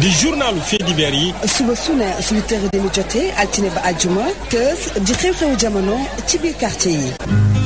di journalu faits divers yi. suba su ne suñu tëri dañu jotee altine ba àjjuma kees di xew-xewu jamono ci biir quartier yi.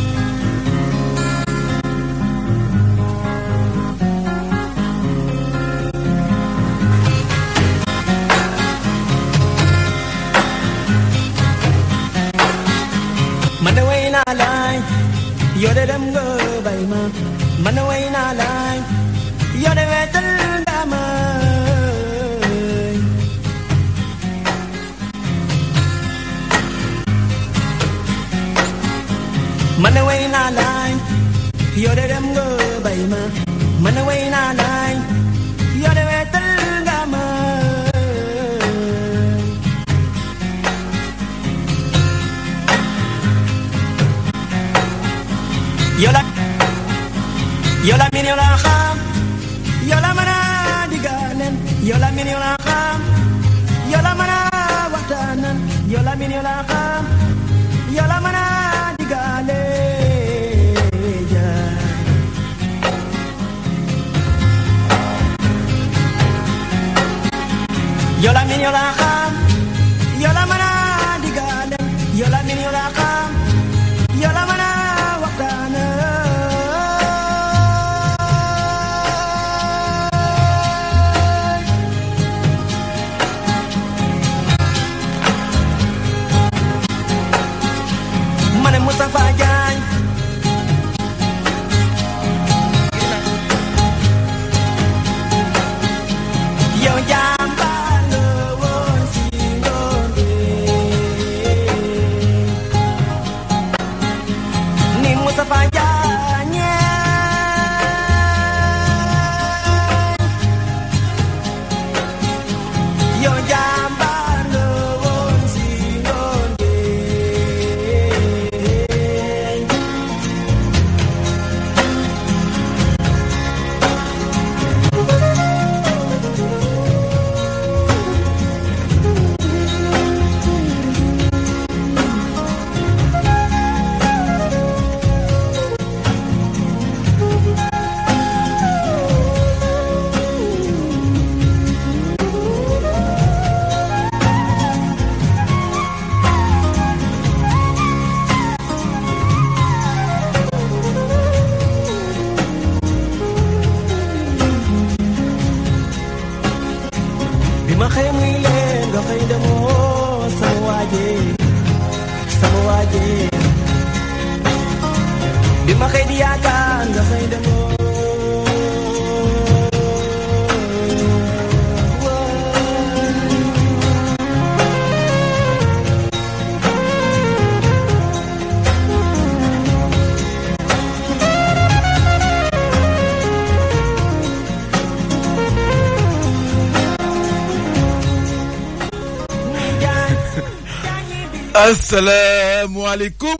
asalaamualeykum.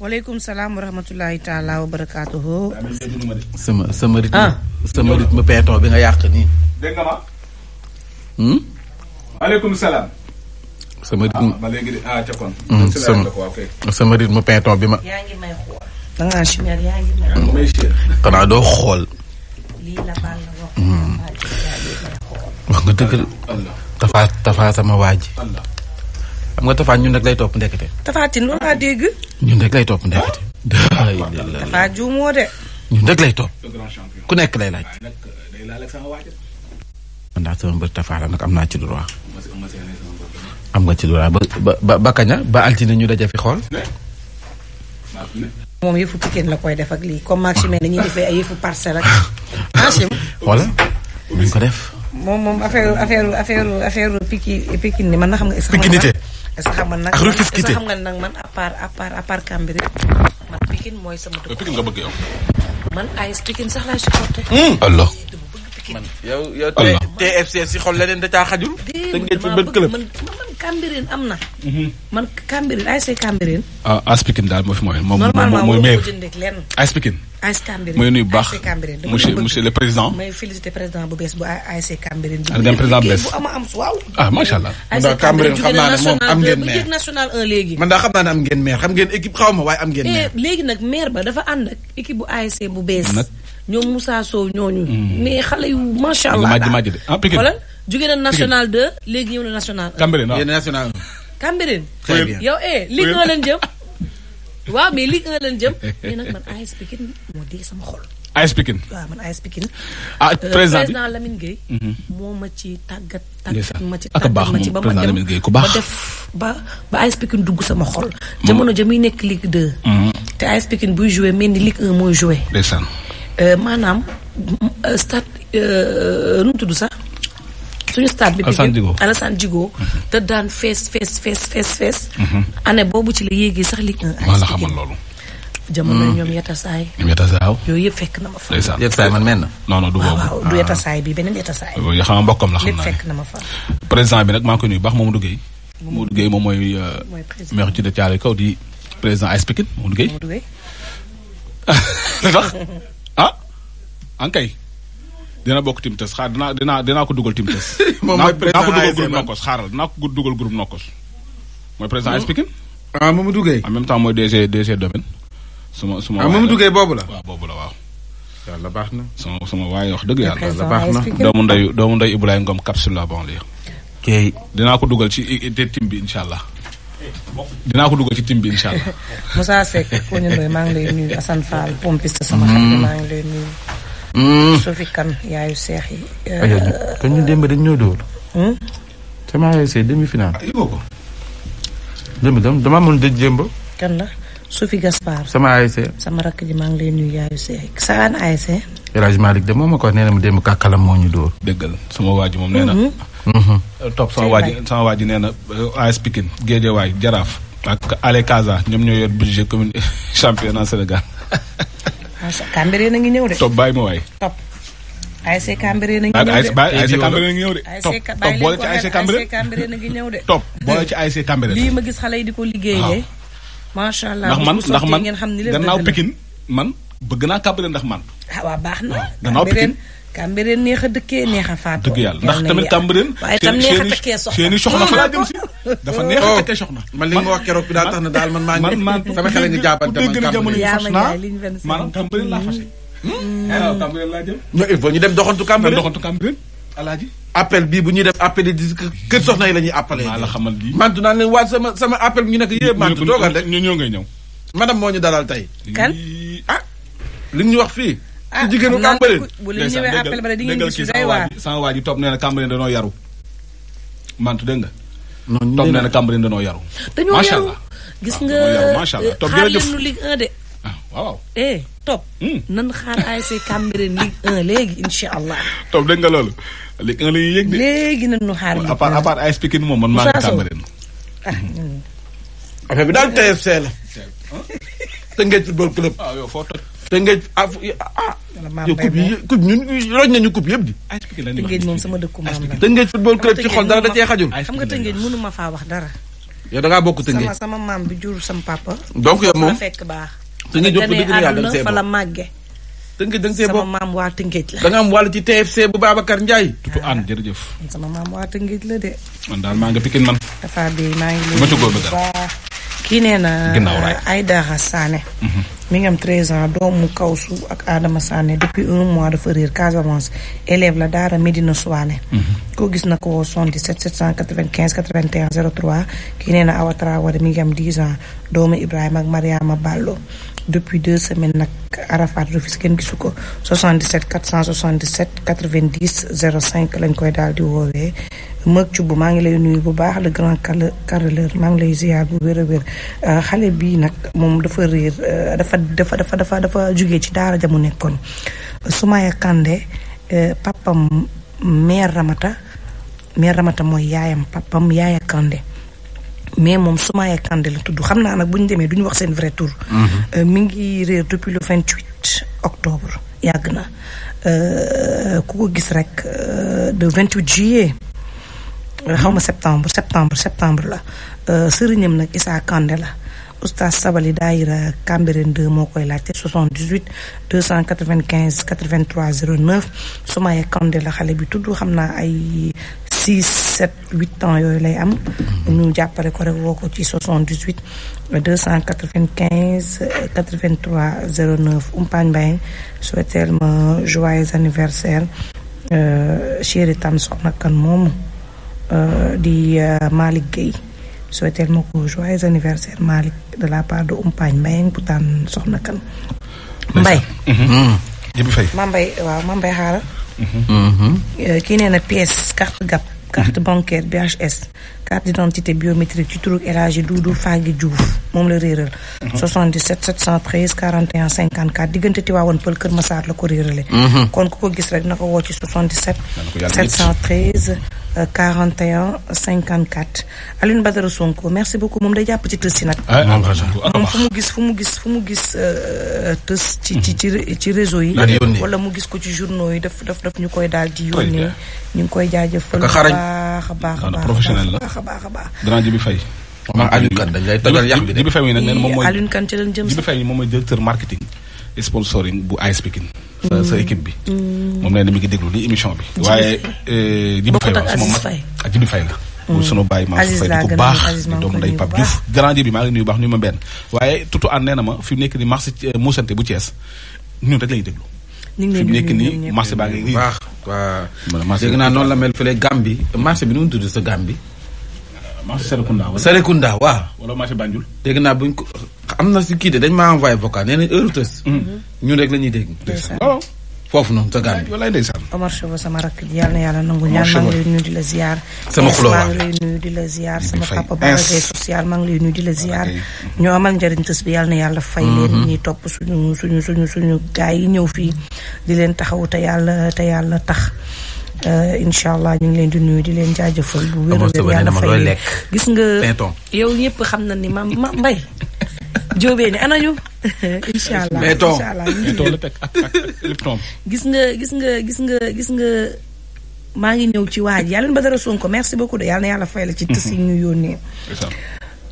waaleykum salaam wa rahmatulahi salaam wa rahmatulahi taala wa barakaatu. sama sama rythme. Ah. sama bi nga yàq nii. dégg nga ma. Hmm? Ah, ah, hmm, bi ma. xanaa doo hmm. xool. wax. nga dëgg. Tafa Tafa sama waa ji. nga Tafa ñu rek lay topp ndekk Tafa Tine loolu laa dégg. ñun rek lay topp ndekete. Ah. Tafa juumoo de. ñun rek lay topp. ku nekk lay laaj. man daal sama mbër Tafa la nag am naa ci droit. am nga ci droit ba ba ba kaña ba altine ñu daje xool. moom yëfu Pikine la koy def ak lii comme Maxime ne defee ay yëfu parcelle ak. voilà nañ ko def. moom moom affaire affaire affaire affaire piki piki ni man na xam nga. est-ce que xam nga nag man est-ce que nag man à part à part à mooy sama dëkk. Pikine nga bëgg yow. man ay Pikine sax laay supporté. Hmm. Allah man yow TFC si xol leneen da caa xajul. da ngeen fi benn club man man Cambérène am na. Mhm. man Cambérène AS Cambérène. ah AS Pikine daal moo fi mooy. mooy meilleur normalement waroo ASC Cambérène mooy nuyu bu baax monsieur monsieur le président. may félicité président bu bees bu ASC Cambérène. ak président bu bees bu am am waaw. ah macha allah. ASC Cambérène xam naa ne moom am ngeen maire national 1 léegi. man daa xam naa ne am ak équipe bu ASC bu bees. de. Hmm. voilà ah, jóge na national 2 léegi ñëw na national 1. Cambérène yow eh li leen jëm waaw mais Ligue 1 lañ jëm mais nag man AS Pikine moo dee sama xol. AS Pikine waaw man AS Pikine. ah euh, président président mhm. moo ma ci tàggat. tàggat ma ci tàggat ma ci ba ma dem ba def ba ba AS Pikine dugg sama xol. jamono ja muy nekk Ligue 2. Mhm. te AS Pikine buy joué mel ni Ligue 1 mooy joué. ndeysaan. Euh, maanaam euh, stade nu mu tudd sax. suñu stade bi dëgg Alassane Djigo te mhm. daan fees fees fees fees fees mhm. boobu ci la yéegee sax li 1 maa la xamal loolu jamono mhm. ñoom yetasaay ñoom yetasaay yooyu yëpp fekk na ma fa yetasaay man mel na non non du boobu ah. bi beneen yetasaay yoo xam la xam naa fekk na ma fa président bi nag maa ngi koy nuyu baax Mamadou Gueye Mamadou Gueye moom mooy maire ci de Kaw di président AS Pikine Mamadou Gueye lu tax ah ankay dina bokk tim tes xaar dinaa dana dinaa ko dugal tim tes. moom mooy président ko dugal groupe nokkos xaaral ko dugal groupe nokkos. mooy président AS ah. Pikine. ah Mamadou Gueye. en même temps mooy DG DG domaine. suma suma ah Mamadou Gueye boobu la. waaw boobu la waaw. yàlla baax na. sama sama waaye wax dëgg yàlla. la baax na doomu ndeyu doomu ndeyu Ibrahima Ngom capsule la banlieue. kay dinaa ko dugal ci te tim bi incha allah. dinaa ko dugal ci tim bi incha allah. Moussa Seck Kogne Ndoye maa ngi lay nuyu Assane Fall pompiste sama xarit mm. maa ngi lay nuyu. Sofi Kane yaayu seex yi. kon ñu démb dañ ñoo dóor. sama ASC demi final. démb dama amoon dëj démb. kan la Sofi Gaspar. sama ASC. sama rakk ji maa ngi yaayu seex yi saxaan ASC. El Hadj Malick de moom ma ko wax nee na mu démb kàkkalam moo ñu dóor. dëgg la sama waa moom nee na. Mhm. Mhm. Eh, topp sama waa ji sama waa ji nee eh, Jaraaf. ak Ale Casa ñoom ñoo yor budget commune championnat Sénégal. macha allah Cambérène a ngi ñëw de. topp bàyyi ma waay. topp ASC Cambérène a ngi ñëw de. ASC Cambérène a ngi ñëw de. topp boole ci a ngi ñëw de. topp boole ci ASC Cambérène. lii ma gis xale di ko liggéeyee. macha allah ndax man ndax man gannaaw Pikine man bëgg naa Cambérène ndax man. ah waa baax na. gannaaw Pikine Cambérène neex a dëkkee neex a faatoo. dëgg yàlla ndax tamit Cambérène. waaye tam neex a soxna seen i laa dem si. dafa neex a takkee oh. soxna. man li nga wax keroog bi daal tax na daal man maa ngi. man hmm. ah, ñu dem doxantu Cambérène doxantu Cambérène alaaji. appel bu ñuy def appel di la ñuy appelé. maa la xamal lii mantu naan leen waa sama sama appel bi ñu nekk yëpp mantu toogal rek. ñoo ñoo ngay ñëw. madame moo ñu dalal tey. Ah, li ñu wax fii ah jigéenu Cambérène bu la ñëwee appel ba di ngeen gis waa ji topp nee na Cambérène danoo yaru mantu dégg gis ah, nga xaar leen nu Ligue 1 de. ah waaw. eh hmm. moom man maa ngi Cambérène. Ah, affaire bi daal TFC la. te ngeen ah ah. maam coupe nañu coupe yëpp di. tëngeej moom sama dëkku maam la. tëngeej football club ci xol dara da cee xajul. xam nga tëngeej mënuma faa wax dara. yow da ngaa bokk tëngeej sama sama maam bi jur sam papa. donc yow moom fekk baax. tëngeej yokku dëgg yàlla da nga see fa la màggee. tëngeej da nga see bokk sama maam waa tëngeej la. da nga am wàll ci TFC bu Babacar Ndiaye. tutu ànd jërëjëf. sama maam waa tëngeej la de. man daal maa nga pikin man. dafa bi maa ngi kii nee na uh, Aïda Sané mhm. mi ngi am 13 ans doomu Kawsu ak Adama Sané depuis un mois dafa réer Casamance élève la daara Médina Souane mhm. koo gis na ko 77 795 81 03 kii nee na Awa Traoré mi ngi am 10 ans doomu ibrahim ak Mariama Ballo depuis deux semaines nag Arafat Rufisque kenn gisu ko 77 477 90 05 lañ koy daal di woowee Meuk Thioub maa ngi lay nuyu bu baax la grand carreleur maa ngi lay ziar bu wér a wér euh, xale bii nag moom dafa réer euh, dafa dafa dafa dafa dafa jugee ci daara ja mu nekkoon Soumaya Kandé euh, papam maire Ramata mère Ramata mooy yaayam papam Yaaya Kandé mais moom Soumaïa Kandé la tudd xam naa nag bu ñu demee duñu wax seen vrai tour mhm. euh, mi ngi réer depuis le vingt huit octobre yàgg na euh, ku ko gis rek euh, de vingt huit juillet xaw ma septembre septembre septembre la sëriñam nag Issa Kandé la oustaz Sabali daayira Cambérène 2 moo koy laajte 78 295 83 09 Soumaïa Kandé la xale bi tudd xam naa ay six sept huit ans yooyu lay am ñu jàppale ko rek woo ko ci soixante dix huit deux cent quatre vingt quinze quatre vingt trois zéro neuf Umpaañ Mbaye souhaiteel ma joyeux anniversaire euh, chéri tam soxna moomu euh, di euh, Malick Gueye souhaiteel ma ko joyeux anniversaire Malick de la part de Umpaañ Mbaye bu taan soxna kan mhm. mm. Mbaye waaw ma xaaral mm-hmm. kii nee na pièce carte carte bancaire BHS carte d'identité biométrique ci turu El Hadji Doudou Fagui Diouf moom la réeral 77 713 41 54 diggante Tivaouane Pël Kër Massar la ko réerale mhm. kon ku ko gis rek na ko woo ci 77 713 quarante 41 54 Alioune Badara Sonko merci beaucoup moom day jàpp ci tës ci nag. Ah, moom ah, fu mu gis fu mu gis fu mu gis euh, tës ci ci ci hmm. réseau yi. wala mu gis ko ci journaux yi daf daf daf ñu koy daal di yónnee. ñu ngi koy jaajëfal. ak baax a baax a baax professionnel la baax baax baax. grand Jibi Faye. moom mooy Alioune Kane ci lañ jëm. Jibi moom mooy directeur marketing. sponsoring bu AS Pikine sa sa mm. équipe bi. Mm. moom nee na mi ngi déglu li émission bi. waaye eh, Djibi Faye waaw suma mag ak Djibi la. bu mm. sunu bàyyi maa su fay di ko baax di doomu nday Pape Diouf grand Djibi maa ngi nuyu baax nuyu ma benn waaye tutu an nee na ma fi mu nekk ni marché eh, Moussante bu Thiès ñun rek la ñuy déglu. ñu ngi leen di nuyu fi mu nekk ni marché baa ngi nii. waaw waaw dégg naa noonu la mel fële Gambie bi nu mu tudd sa bi marché Serekunda wala Serekunda waaw. wala marché Banjul. dégg naa buñ ko am na si kii de dañ maa envoyé vocal nee nañ heure tës. Mm-hmm. ñun rek la ñuy dégg. Oh. foofu noonu sa gàllankoor walaay ndeysaan. Omar Chauve sama rakk ji yal yàlla nangu ñaan maa ngi lay nuyu di la ziar. sama xuloo maa ngi lay nuyu di la ziar sama papa Ba social maa ngi lay nuyu di la ziar. ñoo amal njëriñ tës bi yal na yàlla fay leen. Mm-hmm. ñuy topp suñu suñu suñu suñu gars yi ñëw fii di leen taxawu te yàlla te yàlla tax. Euh, incha allah ñu ngi leen di nuyu di leen jaajëfal. bu wér-wér yàlla fay gis nga yow ñëpp xam na ni ma ma mbay. jóobee ni anañu gis nga gis nga gis nga gis nga maa ngi ñëw ci waaj yàlla ba dara Sonko yàlla yàlla fay la ci tës yi ñu yónnee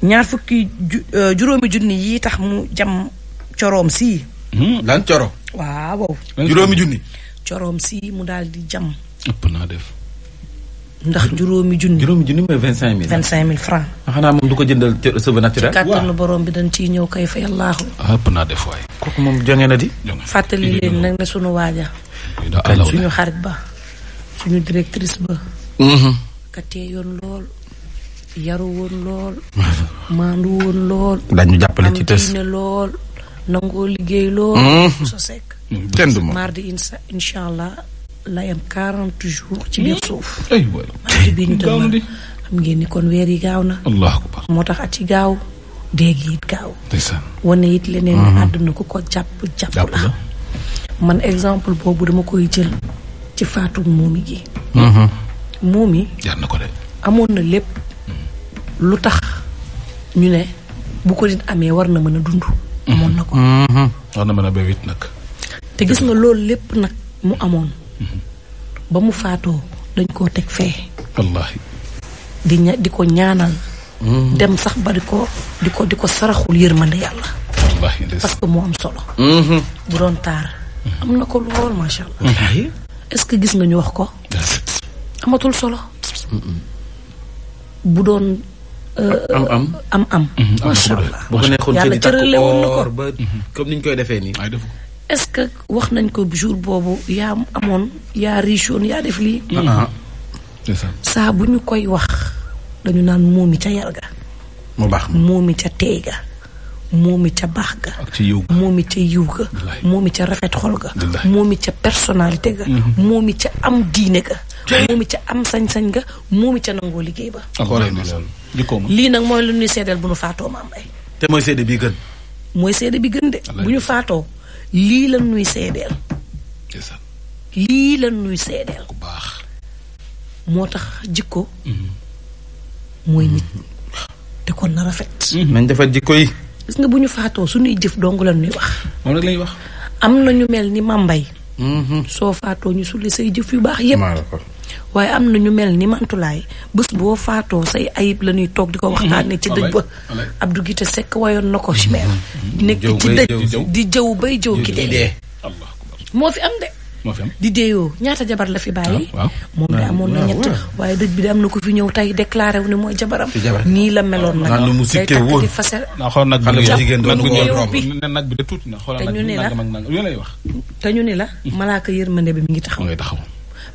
ñaar fukki euh, juróomi junni yi tax mu jam coroom sii hmm? lan coro waaw juróomi junni coroom sii mu daal di jam ëpp naa def. ndax juróomi junni. juróomi junni mooy vingt cinq mille. vingt cinq mille franc. Ah, xanaa moom du ko jëndal cheveux naturel. waaw ci kàttanu bi dañ ciy ñëw kay fa yàllaahu. Ah, ëpp naa def waay. kooku moom jonge na di. fàttali leen nag ne suñu waaja. suñu xarit ba. suñu directrice ba. Mm-hmm. ka tee yoon lool. yaru woon lool. maandu woon lool. dañu jàppale ci tës am lool. nangoo liggéey lool. Mm-hmm. so sekk. Mm-hmm. kenn du ma mardi incha allah. lay am 40 jours. ci biir hmm? suuf. aywa tey gaaw na xam ngeen ni kon weer yi gaaw na. allahu akbar moo tax at yi gaaw. déeg it gaaw. ndeysaan wane it leneen. Hmm. àdduna ku ko jàpp jàpp la. man exemple boobu dama koy jël ci faatu moomi gi. moomi. jar na ko de. amoon na lépp hmm. lu tax ñu ne bu ko nit amee war na mën a dund. amoon na ko. mën a béy te gis nga loolu lépp nag mu amoon. ba mu faatoo dañ koo teg fee. wallaahi. di ña di ko ñaanal. Mm-hmm. dem sax ba di ko di ko di ko saraxul yërmande yàlla. wallaahi parce que moo am solo. Mm-hmm. bu doon taar. Mm-hmm. am na ko lool macha allah. est-ce que gis nañu wax ko. amatul solo. bu doon. Euh, am am am am. macha allah yàlla cërale woon na ko. koy defee nii. est-ce que wax nañ ko jour boobu yaa amoon yaa richoon yaa def lii. Ah, ah. saa bu ñu koy wax dañu naan moomi ca yar ga. mu baax moomi ca teey ga. moomi ca baax ga. ak ca yiw ga moomi ca yiw ga. moomi ca rafet xol ga. moomi ca personnalité ga. Mm-hmm. moomi ca am diine ga. moomi ca am sañ-sañ ga moomi ca nangoo liggéey ba. lii nag mooy lu seddal seedeel bu nu faatoo maam ay. te mooy seede bi gën. mooy seede bi gën de bu ñu faatoo. lii lan nuy seedeel lii lan nuy seedeel moo tax jikko mm-hmm. mooy nit te kon na fet nañ defar jikko yi gis nga bu ñu faatoo suñuy jëf dong lan nuy wax moom nag wax am na ñu mel ni màmbay mm-hmm. soo faatoo ñu sule say jëf yu baax yépp waaye am na ñu mel ni mantulaay bës boo faatoo say ayib la ñuy toog di ko waxtaanee ci dëj ba Abdou Guité sekk wayoon na ko ci meer mm-hmm. nekk ci dëj di jëw bay jëw ki dee moo fi am de di deeyoo ñaata jabar la fi bàyyi ah, moom de amoon na ñett waaye dëj bi de am na ko fi ñëw tey déclaré wu ne mooy jabaram nii la meloon nag day takk di fase na xool nag bi jigéen doon bi ne nag bi de tuuti na xoolal nag mag nag yooyu lay wax te ñu ni la malaaka yërmande bi mi ngi taxaw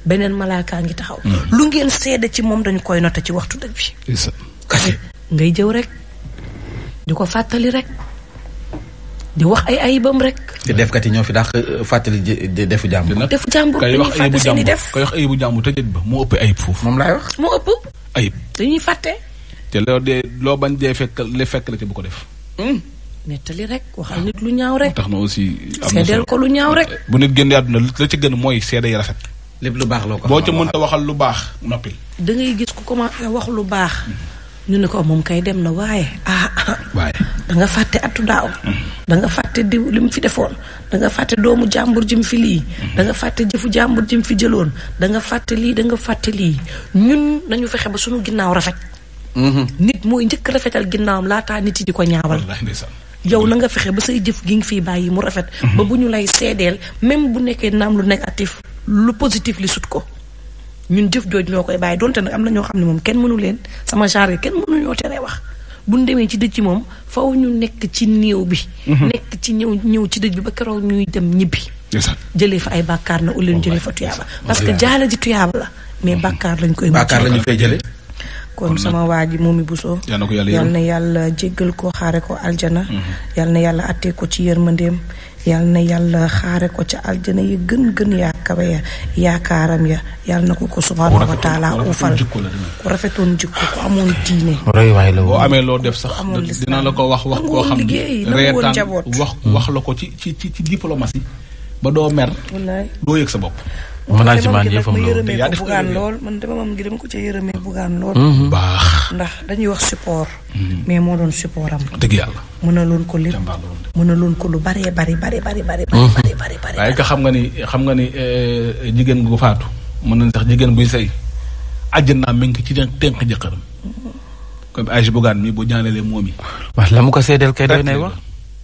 beneen malaakaa ngi taxaw mm. lu ngeen seede ci moom dañu koy noté ci waxtu dëj bi kase ngay jëw rek di ko fàttali rek di wax ay ayibam rek. te defkat yi ñoo fi dàq euh, fàttali defu jàmbur. defu jàmbur dañuy fàtte seen i def kay wax ayibu jàmbur te ba moo ëpp ayib foofu. moom laay wax moo ëpp. ayib dañuy fàtte. te loo dee loo bañ dee fekk le fekk la te bu ko def. Hmm. nettali rek waxal nit lu ñaaw rek. tax na aussi. am na seedeel ko lu ñaaw rek. bu nit génnee àdduna la ci gën mooy seede yi rafet. lépp lu baax loo ko boo ca mënta waxal lu baax noppil. da ngay gis ku commencé wax lu baax. ñu ne ko oh, moom kay dem na waaye ah, ah. fàtte atu daaw. danga fàtte diw li mu fi defoon. da nga fàtte doomu jàmbur ji mu fi lii. da nga fàtte jëfu jàmbur ji mu fi jëloon. da nga fàtte lii da nga fàtte lii ñun nañu fexe ba suñu ginnaaw rafet. Mm-hmm. nit mooy njëkk rafetal ginnaawam laataa nit yi di ko ñaawal. yow na nga fexe ba say jëf gi nga fiy bàyyi mu rafet. Mm-hmm. ba bu ñu lay seedeel même bu nekkee naam lu négatif. lu positif li sut ko ñun jëf jooj ñoo koy bàyyi donte nag am na ñoo xam ne moom kenn mënu leen sama genre kenn mënu ñoo te teree wax bu ñu demee ci dëj ci moom faw ñu nekk ci néew bi. Mhm. nekk ci ñëw ñëw ci dëj bi ba keroog ñuy dem ñibbi. jëlee fa ay bàkkaar na wala leen jëlee fa tuyaaba. parce que jaala ji tuyaaba la mais mhm. bàkkaar lañ koy. bàkkaar lañu fay jëlee. kon sama waa ji moom i busoo yal na yàlla jéggal ko xaare ko aljana mhm. yàlla na yàlla attee ko ci yërmandeem yal na yàlla xaare ko ca aljana yi gën gën yaa kawe ya yaakaaram ya yal na ko ko subhaanahu wa taala ufal ku rafetoon jikko ku amoon diine boo amee loo def sax dina la ko wax wax koo xam reetaan wax wax la ko ci ci ci diplomatie ba doo mer doo yëg sa bopp management yëfam lool te yaa def lool man dama moom ko ca yërëmee bugaan lool. Mm-hmm. baax ndax dañuy wax support. Mm-hmm. mais moo doon support am. dëgg yàlla mënaloon ko lépp mënaloon ko lu baree bari bari bari bari. Mm-hmm. bari bari bari waaye ka xam nga ni xam nga ni eh, jigéen gu faatu mën na sax jigéen buy sëy àjjana mi ngi ci tënk jëkkëram. comme âge bugaan mi bu ñaanalee moom yi. waaw la mu ko seedeel kay doy nay wax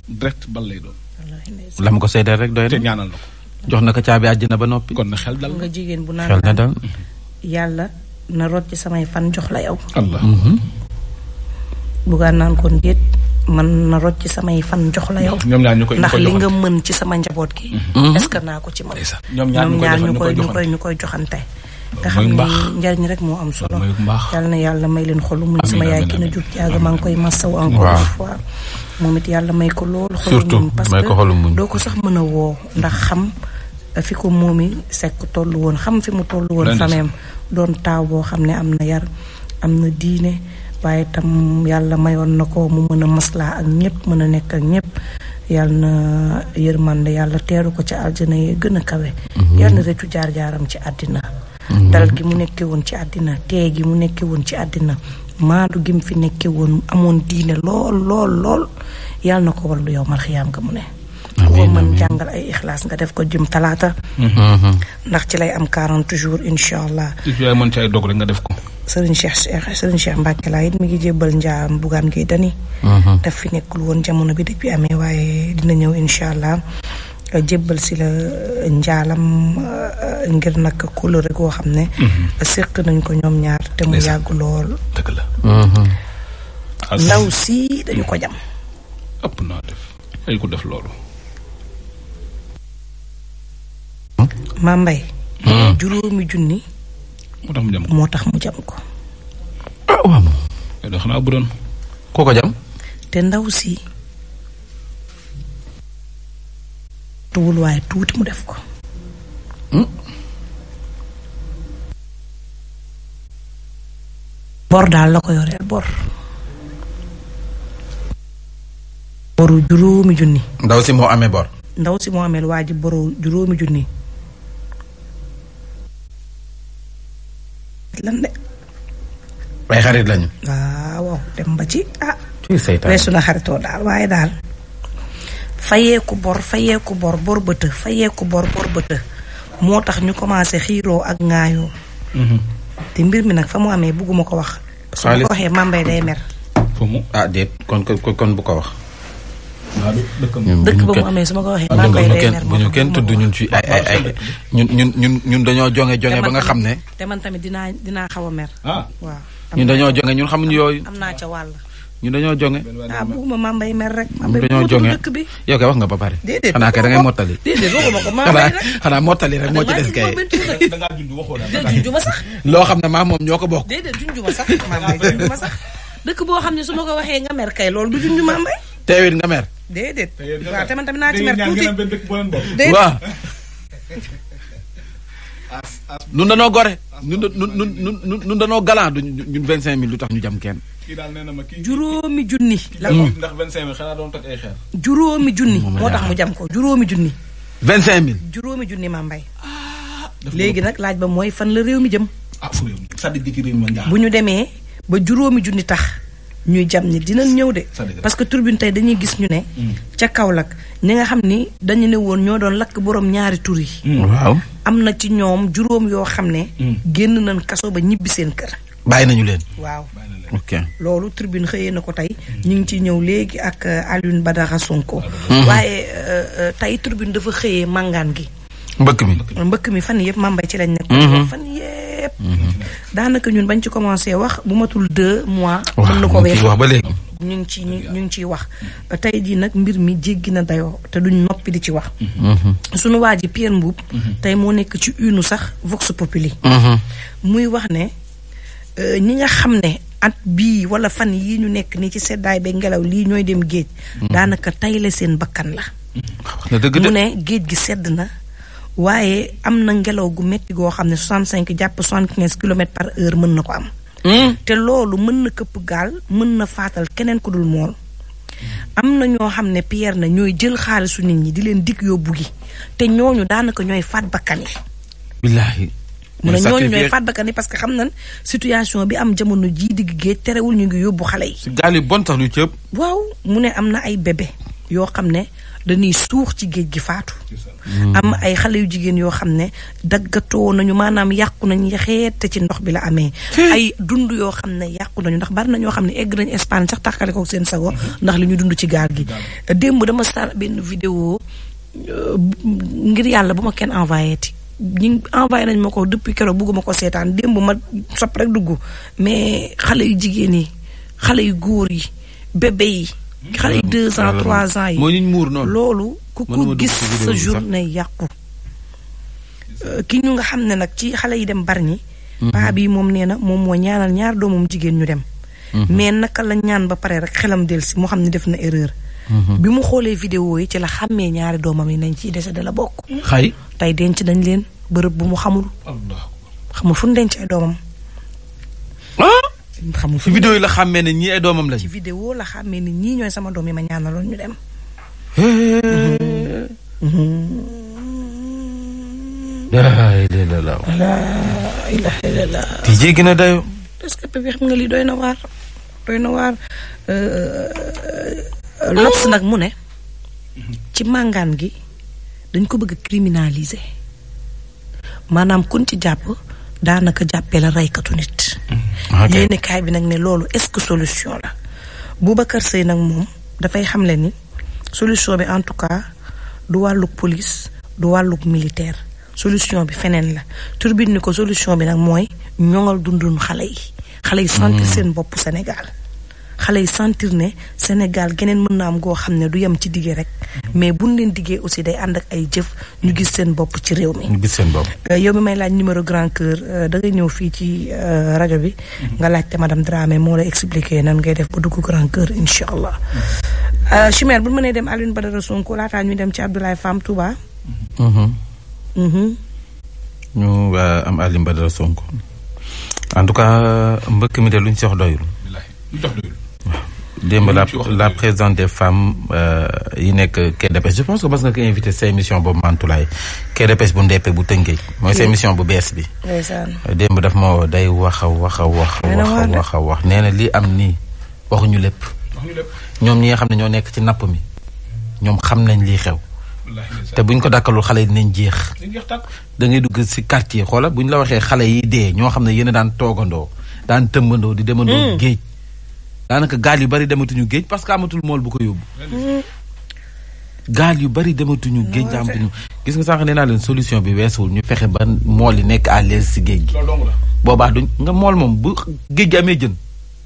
direct bal lay doon. la rek doy na te ñaanal jox na ko caabi àjjana ba noppi. kon na xel dal nga jigéen bu naan xel na yàlla na ci samay fan jox la yow. allah. Mhm. bugaan naan kon déet man na ci samay fan jox la yow. ñoom ñaar koy ndax li nga mën ci sama njaboot gi. Mhm. est naa ko ci mën. ñoom ñaar ñu ñu koy ñu koy joxante. nga xam rek moo am solo yal na yàlla may leen xolu muñ sama yaay ki na jur jaaga maa ngi koy masaw encore une fois moom it yàlla may ko loolu. xolu muñ parce doo ko sax mën woo ndax xam. fi ko moomi sekk toll woon xam fi mu toll woon fameem doon taaw boo xam ne am na yar am na diine waaye tam yàlla mayoon na ko mu mën a maslaa ak ñëpp mën a nekk ak ñëpp yàlla na yërmande yàlla teeru ko ci aljana yi gën a kawe mhm. yàlla na rëccu jaar-jaaram ci àddina mhm. dal gi mu nekke woon ci àddina tee gi mu nekke woon ci àddina maandu gi mu fi nekke woon amoon diine lool lool lool na ko wallu yow mal xiyaam mu ne ku mën jàngal ay ixlaas nga def ko jëm talaata mm-hmm. ndax ci lay am quarante jours incha allah man ci ay dog rek nga def ko sëriñ Cheikh sëriñ Cheikh Mbacke laa it mi ngi jébbal njaam bugaan gi dani mm-hmm. daf fi nekkul woon jamono bi depuis amee waaye dina ñëw incha allah euh, jébbal si la euh, njaalam euh, ngir nag kóllëre goo xam ne mm-hmm. séq nañ ko ñoom ñaar te mu yàgg lool dëgg si dañu ko jam ëpp naa Mame Mbaye. Hmm. juróomi junni. moo tax mu jam ko moo tax mu jam ko. ah waaw. Eh, da xanaa bu doon. koo ko jam. te ndaw si. tuwul waaye mu def ko. Hmm? bor daal la ko yoreel bor. boru junni. ndaw si moo amee bor. ndaw si moo amee waa ji juróomi junni. lan de. ay xarit lañu. waaw dem ba ci ah. tuy saytaan na xaritoo daal waaye daal. fayeeku bor fayeeku bor bor bëtë fayeeku bor bor bëtë moo tax ñu commencé xiiroo ak ŋaayoo. Mhm. te mbir mi nag fa mu amee bugguma ko wax. xaalis su ma ko waxee mambay day mer. Ah, kon kon bu ko wax. Ah, dëkk ba mu amee su ma ko waxee. Ah, maa ngi ñu kenn tudd ñun ci ñun ñun ñun ñun dañoo jonge jonge ba nga xam ne. te man tamit dinaa dinaa xaw a mer. ah waaw. dañoo jonge ñun xamuñu yooyu. am naa ca wàll. ñun dañoo jonge. ah bëgguma maa mbay mer rek. maa mbay bi. yow kay wax nga ba pare. déedéet da ngay mottali. déedéet xanaa xanaa rek moo ci des sax. xam ne maa moom ñoo ko bokk. dëkk boo xam ne su ma ko waxee nga mer kay loolu du junj maa mbay. teewit nga mer. déedéet. waaw te man tamit naa ci mer tuuti déedéet waaw. nun danoo gore nun nun nun nun danoo galant du ñun vingt cinq mille lu tax ñu jam kenn juróomi junni la ko mm. ndax vingt cinq mille xanaa doon toj ay xeer junni moo tax mu jam ko juróomi junni vingt cinq mille juróomi junni maa mbay ah, léegi nag laaj ba mooy fan la réew mi jëm ah, bu ñu demee ba juróomi junni tax ñuy jam ni dinañ ñëw de. parce que turbine tey dañuy gis ñu ne. Hmm. ca Kaolack ñi nga xam ni dañu ne woon ñoo doon lakk boroom ñaari tur yi. Hmm. waaw am na ci ñoom juróom yoo xam ne. Hmm. génn nañ kaso ba ñibbi seen kër. bàyyi nañu leen. waaw ok loolu tribune xëyee na ko tey. ñu ngi ciy ñëw léegi ak euh, Alioune Badara Sonko. waaye euh, euh, tey tribune dafa xëyee màngaan gi. mbëkk mi mbëkk mi fan yëpp mambay ci lañ nekk. fan yëpp. yëpp. daanaka ñun bañ ci commencé wax bu matul deux mois. mën na ko weesu ba léegi. ñu ngi ci ñu ngi ciy wax tey jii nag mbir mi jéggi na dayoo te duñ noppi di ci wax. Mhm. sunu waa ji Pierre Mboup. Mhm. tey moo nekk ci une sax Vox Populi. Mhm. muy wax ne euh, ñi nga xam ne at bi wala fan yii ñu nekk ni ci seddaay ba ngelaw lii ñooy dem géej. daanaka tay seen bakkan la. mu ne géej gi sedd na. waaye am na ngelaw gu métti goo xam ne cent 65 jàpp 75 kilomètres par heure mën na ko am. Hmm. te loolu mën na këpp gaal mën na faatal keneen ku dul mool. am na ñoo xam ne pierre na ñooy jël xaalisu nit ñi di leen dikk yóbbu gi te ñooñu daanaka ñooy faat bakkan yi. billaahi. mu ne ñooñu ñooy parce que xam nañ situation bi am jamono jii digg géej terewul ñu ngi yóbbu xale yi. gaal yi bon tax lu ci waaw mu ne am na ay bébé. yoo xam ne dañuy suux ci géej gi faatu mm. am ay xale yu jigéen yoo xam ne daggatoo nañu maanaam yàqu nañu yaxeete ci ndox bi la amee ay dund yoo xam ne yàqu nañu ndax bari na ñoo xam ne egg nañu Espagne sax tàkkale kook seen sago mm-hmm. ndax li ñu dund ci gaal gi démb dama star benn vidéo euh, ngir yàlla bu ma kenn envoyé ti ñi envoyé nañ ma ko depuis keroog bugguma ko seetaan démb ma sopp rek dugg mais xale yu jigéen yi xale yu góor yi bébé yi xale yi deux ans trois ans yi. mooy ñu muur noonu loolu ku ko gis sa journée yàqu. Euh, ki ñu nga xam ne nag ci xale yi dem bari ñi. Mhm. paa bii moom nee na moom moo ñaanal ñaari doomam jigéen ñu dem. Mhm. mais naka la ñaan ba pare rek xelam delsi moo xam ne def na erreur. Mhm. bi mu xoolee vidéo yi ci la xàmmee ñaari doomam yi nañ ciy dese da la bokk. xay tey denc dañ leen bërëb bu mu xamul. xamul fu mu denc ay doomam. Ah! xamul ci vidéo yi la xàmmee ne ñii ay doomam lañ. ci vidéo la xàmmee ne ñii ñooy sama doom yi ma ñaanaloon ñu dem. laa ilaaha illallaah. te jéggi na dayoo. est-ce que Pépé xam nga lii doy na waar doy na waar. Euh, euh, euh, Laps nag mu ne. ci màngaan gi dañ ko bëgg a criminaliser maanaam kun ci jàpp. daanaka jàppee la reykatu nit. Mm-hmm. yéene bi nag ne loolu est-ce que solution la. bu Boubacar Seye nag moom dafay xamle ni solution bi en tout cas du wàllug police du wàllug militaire solution bi feneen la turbine ni ko solution bi nag mooy ñoŋal dundun xale yi. xale yi sentir mm-hmm. seen boppu Sénégal. xale yi sentir ne Sénégal geneen mën na am goo xam ne du yem ci diggee rek mais bu buñ leen diggee aussi day ànd ak ay jëf ñu gis seen bopp ci réew mi. ñu gis seen bopp euh, yow mi may laaj numéro grand cœur euh, da ngay ñëw fii ci euh, rajo bi. Mhm. nga laajte madame Dramé moo la expliqué nan ngay def ba dugg grand cœur incha allah. Mhm. Chimère bu ñu mënee dem ba Badara Sonko laataa ñuy dem ci Abdoulaye Fam Touba. Mhm. ñu am Alioune Badara Sonko. en tout mbëkk mi de luñ si wax doyul. lu tax doyul. démb la la présidente des femmes euh, yi nekk KDPS je pense que mas nga ko invité sa émission boobu Mantoulaye KDPS bu ndeppe bu tëngeej mooy sa émission bu bees bi démb daf ma day wax a wax a wax a wax a wax nee na li am nii waxuñu lépp ñoom ñi nga xam ne ñoo nekk ci napp mi ñoom xam nañ lii xew te buñ ko dàkkalul xale yi dinañ jeex da ngay dugg si quartier xoola buñ la waxee xale yi dee ñoo xam ne yéen a daan toogandoo daan tëmbandoo di demandoo hmm. géej daanaka gaal yu bari dematuñu géej parce que amatul mool bu ko yóbbu. gaal yu bari dematuñu géej amatuñu. gis nga sànq nee naa leen solution bi weesuwul ñu fexe ba mool yi nekk à l'aise si géej gi. boobaa duñ nga mool moom bu géej gi amee jën.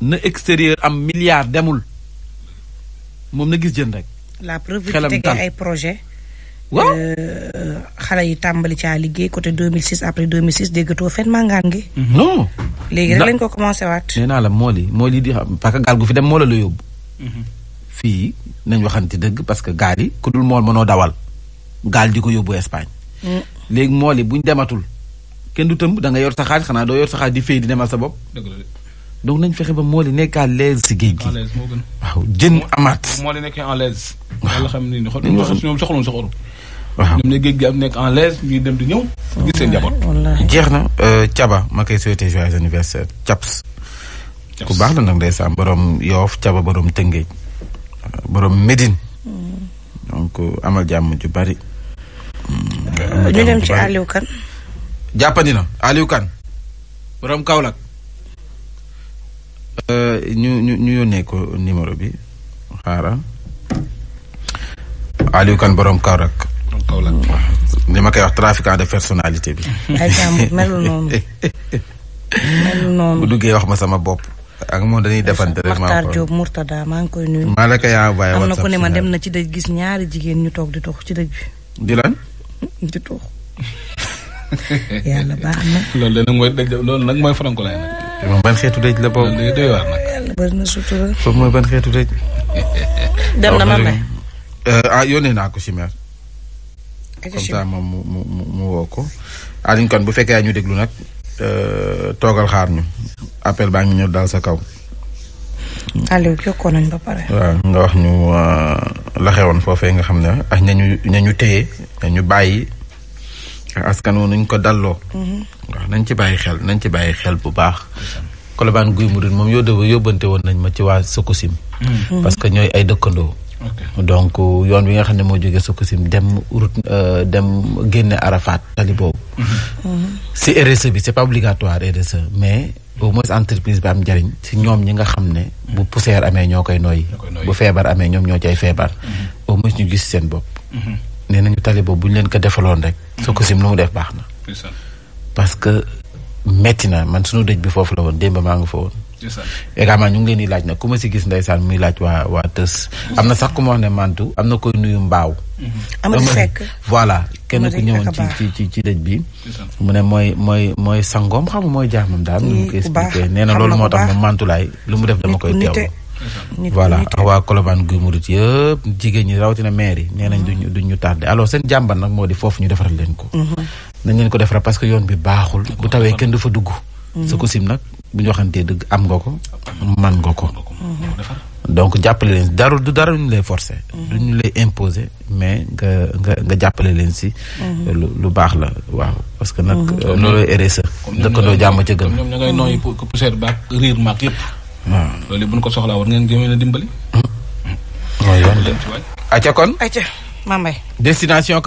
na extérieur am milliard demul moom na gis jën rek. la preuve ay projet waaw euh, xale yi tàmbali caa liggéey côté 2006 après 2006 déggatoo fen màngaan gi. Mm-hmm. non. léegi rek lañ ko commencé waat. nee naa la mool yi mool yi di xam parce que gaal fi dem moo la la yóbbu. Mm-hmm. fii nañ waxante dëgg parce que gaal yi ku dul mool mënoo dawal gaal di ko yóbbu Espagne. Mm. léegi mool yi buñ dematul kenn du tëmb da nga yor sa xaalis xanaa doo yor sa xaalis di fay di demal sa bopp. dëgg donc nañ fexe ba mool yi nekk à l'aise si géej gi. moo gën waaw jën amaat. mool yi nekkee à l'aise. yàlla xam ni xool ñoom soxla woon ñoom ne géej gi am nekk en l'aise ñuy dem di ñëw. gis seen njaboot. jeex na euh, Thiaba ma koy souhaité joyeux ku baax la nag ndeysaan borom Yoof Thiaba borom Tëngéej euh, borom Médine. Hmm. donc euh, amal jàmm ju bari. Hmm. ñu dem ci na Aliou Kane borom Kaolack. ñu ñu ñu yónnee numéro bi xaaral Aliou borom Kaolack. Kaolack. ni ma koy wax trafiquant de personnalité bi. ayca melul noonu melul bu duggee wax ma sama bopp. ak moom dañuy defante rek maa ngi koy Makhtar maa ngi koy nuyu. maa la koy envoyé WhatsApp am na ku ne ma dem na ci dëj gis ñaari jigéen ñu toog di toog ci dëj bi. di lan. di toog. yàlla baax na. loolu de loolu nag mooy farankulay nag. ban xeetu dëj la boobu. loolu doy na sutura. foofu mooy ban xeetu dëj. dem na ma euh, ah, may. comme ça moom mu mu mu mu woo ko Alioune bu fekkee ñu déglu nag euh, toogal xaar ñu appel baa ngi ñëw daal sa kaw. Aliou jokkoo nañ ba pare. nga wax ñu euh, la xewoon foofee nga xam ne ak ñañu ñañu téye ñañu bàyyi askan wi nuñ ko dalloo. Mhm. waaw nañ ci bàyyi xel nañ ci bàyyi xel bu baax. Colobane Guy Mouride moom yóbbante woon nañ ma ci waa Sococim. Mhm. parce que ñooy ay dëkkandoo. donc yoon wi nga xam ne moo jóge jógee Sococim dem route euh, dem génne Arafat tali boobu. Mm-hmm. si RSE bi c'est pas obligatoire RSE mais au moins entreprise bi am jariñ si ñoom ñi nga xam ne. bu poussière amee ñoo koy nooy bu feebar amee ñoom ñoo cay feebar. Mm-hmm. au moins ñu gis seen bopp. Mm-hmm. nee nañu tali boobu bu ñu leen ko defaloon rek. Sococim lu mu def baax na. parce que metti na man sunu dëj bi foofu la woon démb maa ngi fa woon. également ñu ngi leen di laaj nag ku ma si gis ndeysaan muy laaj waa waa tës am na sax ku ma wax ne mantu am na koy nuyu mbaaw mhm. voilà kenn ku ñëwoon ci ci ci dëj bi mu ne mooy mooy mooy sangoom xam mooy jaamam daal nu mu ko nee na loolu moo tax moom mantulaay lu mu def dama koy teew voilà waa Colobane Guy Murit yëpp jigéen ñi rawatina maire yi nee nañ duñu mhm. duñ ñu tardé alors seen jàmbat nag moo di foofu ñu defaral leen ko mhm. nañ leen ko defaral parce que yoon bi baaxul bu tawee kenn du fa dugg sa ko sim nag bu ñu waxantee dëgg am nga ko man nga ko donc jàppale leen dara du dara ñu lay forcer du ñu lay imposer mais nga nga nga jàppale leen si lu baax la waaw parce que nag mhm. loolu RSE dëkkandoo jàmm ca gën ñoom ña ngay nooyi poussière baak riir maak yëpp waaw bu ñu ko soxlaa war ngeen dimbali mhm. mooy yoon de acca kon acca Mame Mbaye destination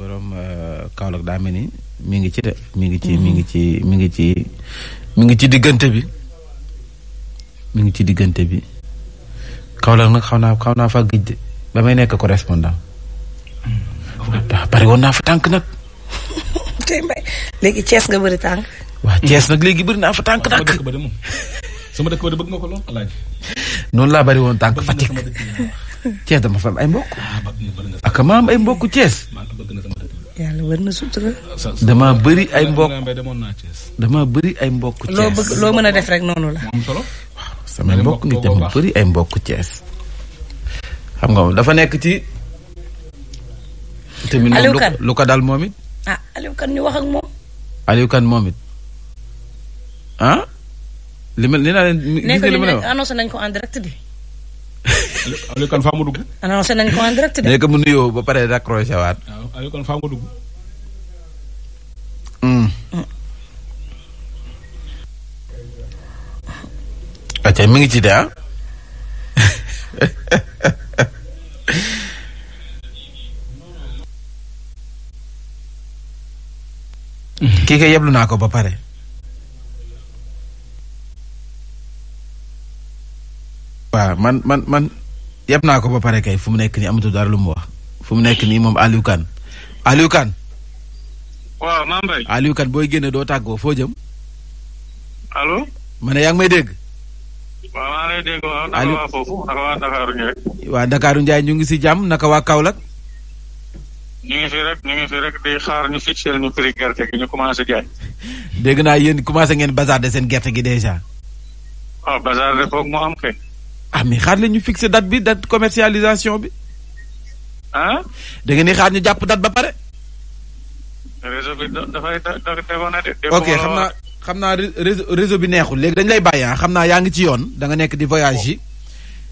borom euh, Kaolack daa mel ni mi ngi ci de mi ngi ci mi ngi ci mi ngi ci mi ngi ci diggante bi mi ngi ci diggante bi Kaolack nag xaw naa xaw naa faa gëj de ba may nekk correspondant. bari woon naa fa tànk nag. léegi cees nga bëri tànk. waa Thiès nag léegi bari naa fa tànk nag. sama dëkk ba bëgg nga ko laa bari woon tànk Fatick. Cees dama fa am ay mbokk. ak ma ay mbokk Cees. yàlla war na sutura. dama bëri ay mbokk dama bëri ay mbokk loo bëgg mën a def rek noonu la. sama mbokk ngi dama bëri ay mbokk Cees. xam nga dafa nekk ci. tamit Aliou Kane lu moom it. ah Aliou ñu wax ak moom. Aliou moom it ah. li ma nee naa leen. gis ne wax annoncé nañ ko en direct bi. Aliou Kane faa mu dugg. mu nuyoo ba pare raccroché waat. waaw Aliou Kane faa mu dugg. Hmm. acca mi ngi ci de ah. kii kay yeblu naa ko ba pare. waa man man man yeb naa ko ba pare kay fu mu nekk nii amatu dara lu mu wax fu mu nekk nii moom Aliou Kane Aliou Kane. waaw maa mbay. Aliou Kane booy génne doo tàggoo foo jëm. allo. ma ne yaa ngi may dégg. waaw maa ngi waa foofu njaay ñu ngi si jàmm naka waa Kaolack. ñu ngi fi rek ñu ngi fi rek di xaar ñu fixé ñu prix gerte gi ñu commencé jaay. dégg naa yéen commencé ngeen bazarder seen gerte gi déjà. waaw bazarder foog moo am kay. ami ah, xaar la ñu fixé date bi date commercialisation bi. ah. da ngeen xaar ñu jàpp date ba pare. réseau bi dafay ok xam naa xam naa réseau bi neexul léegi dañ lay bàyyi ah, xam naa yaa ngi ci yoon da nga nekk di voyage yi.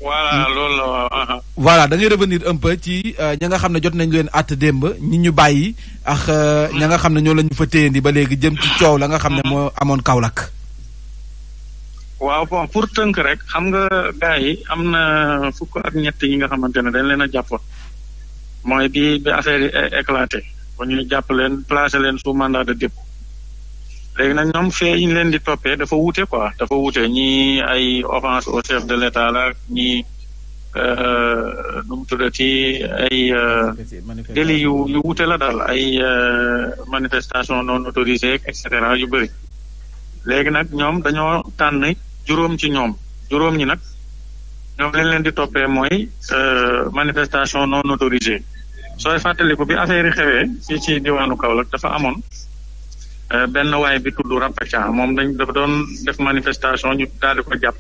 voilà hmm. loolu revenir un peu ci euh, ña nga xam ne jot nañ leen àtt démb ñi ñu bàyyi ak euh, ña nga xam ne ñoo lañu fa téyandi ba léegi jëm ci coow la nga xam ne hmm. moo amoon Kaolack. waaw bon pour tënk rek xam nga gars yi am na fukk ak ñett yi nga xamante ne dañ leen a jàppoon mooy bi bi affaire yi éclaté ba ñu jàpp leen placé leen sous mandat de dépôt léegi nag ñoom fee yi ñu leen di toppee dafa wuute quoi dafa wuute ñi ay offense au chef de l' état la ñi euh, nu mu tuddati ay euh, délit yu yu wuute la daal ay euh, manifestation non autorisée et cetera yu bëri léegi nag ñoom dañoo tànn juróom ci ñoom juróom ñi nag ñoom lañ leen di toppee mooy euh, manifestation non autorisée sooy fàttaliku bi affaire yi xewee fii ci diwaanu Kaolack dafa amoon euh, benn waay bi tudd Rapacha moom dañ dafa doon def manifestation ñu daal jàpp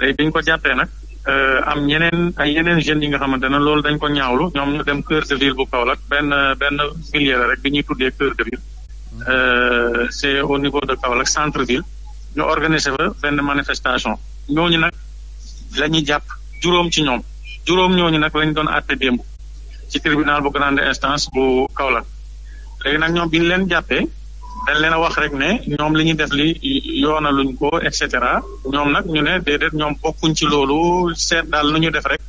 léegi bi ko jàppee nag euh, am ñeneen ay yeneen jeunes yi nga xamante ne loolu dañ ko ñaawlu ñoom ñu dem cœur de ville bu Kaolack benn benn filière rek bi ñuy tuddee cœur de ville c'est au niveau de Kaolack centre ville ñu organiser fa benn manifestation ñooñu nag la ñuy jàpp juróom ci ñoom juróom ñooñu nag lañ doon àtte démb ci tribunal bu grande instance bu Kaolack léegi nag ñoom bi leen jàppee dañ leen a wax rek ne ñoom li ñuy def li yoonaluñ ko et cetera ñoom nag ñu ne déedéet ñoom bokkuñ ci loolu seet daal nu ñu def rek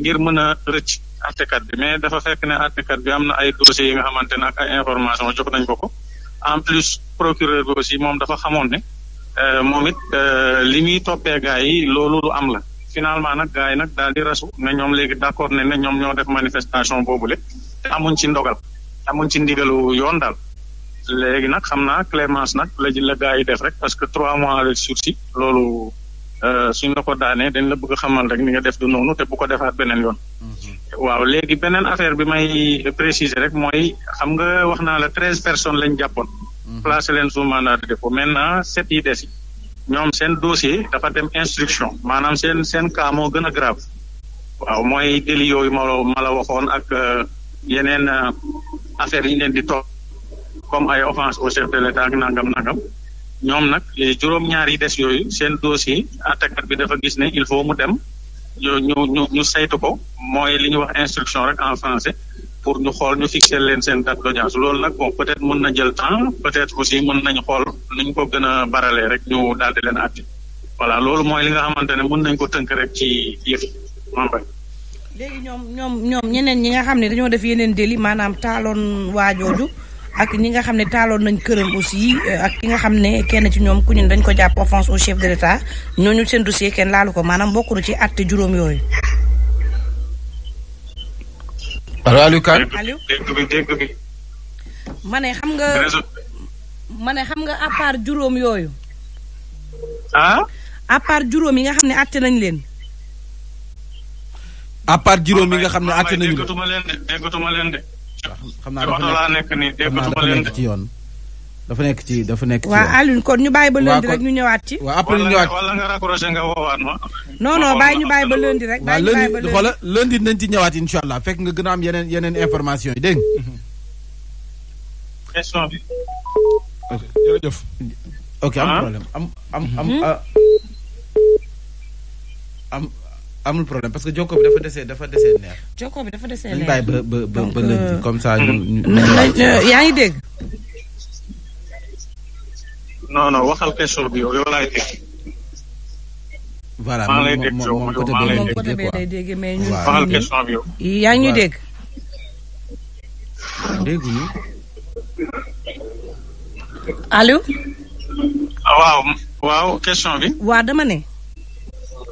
ngir mën a rëcc àttekat bi mais dafa fekk ne àttekat bi am na ay dossiers yi nga xamante ne ay information jox nañ ko ko en plus procureur bi aussi moom dafa xamoon ne Euh, moom it euh, li muy toppee yi loolu lu am la finalement nag gars yi nag daal di rasu ne ñoom léegi d'accord ne ne ñoom ñoo def manifestation boobu le te amuñ ci ndogal amuñ ci ndigalu yoon daal léegi nag xam naa clémence nag la ji la gars yi def rek parce que trois mois de sursis loolu euh, suñ la ko daanee dañ la bëgg xamal rek ni nga def du noonu te bu ko defaat beneen yoon. Mhm. waaw léegi beneen affaire bi may préciser rek mooy xam nga wax naa la treize personnes lañ jàppoon. Mhm. placé leen sous mandat de dépôt maintenant set seti des ñoom seen dossier dafa dem instruction maanaam seen seen cas moo gën a grave waaw mooy délit yooyu ma la waxoon ak euh, yeneen euh, affaires yi leen di topp comme ay offense au chef de l'État ak nangam nangam ñoom nag juróom-ñaar yi yooyu seen dossier attaquat bi dafa gis ne il faut mu dem ñu ñu ñu saytu ko mooy li ñu wax instruction rek en français pour ñu xool ñu fixé leen seen date d'audience loolu nag bon peut-être mën na jël temps peut-être aussi mun nañu xool nu ñu ko gën a baralee rek ñu daal di leen àtte voilà loolu mooy li nga xamante ne mën nañ ko tënk rek ci léegi ñoom ñoom ñoom ñeneen ñi nga xam ne dañoo def yeneen délit maanaam taaloon waajooju ak ñi nga xam ne taaloon nañ këram aussi euh, ak ki nga xam ne kenn ci ñoom ku ñun dañ ko jàpp offense au chef de l'État ñooñu seen dossier kenn laalu ko maanaam bokkul ci àtte juróom yooyu allo Aliou Kane allo. ma ne xam nga ma ne xam nga à part juróom yooyu. ah. à part juróom yi nga xam ne àtte nañ leen. à part juróom yi nga xam ne àtte nañ leen. déggatuma leen de déggatuma leen de. xam naa dafa nekk ci yoon. dafa nekk ci dafa nekk ci. waaw Alioune kon ñu bàyyi ba lundi rek ñu ñëwaat ci. waa après ñu ñëwaat wala nga bàyyi ñu bàyyi ba lundi rek. bàyyi ñu bàyyi ba lundi xoola nañ ci ñëwaat incha allah fekk nga gën a am yeneen yeneen mm-hmm. information yi dégg ok am ah? problème am mm-hmm. ah. am amul problème parce que jokkoo bi dafa desee dafa desee leer. jokkoo dafa desee leer. nañ bàyyi yaa ngi dégg. non non waxal question bi yow yow laay dégg. moom côté bee lay dégg mais ñu waxal yaa ngi ñuy dégg. dégguñu. Ah, waaw waaw question bi. waa dama ne.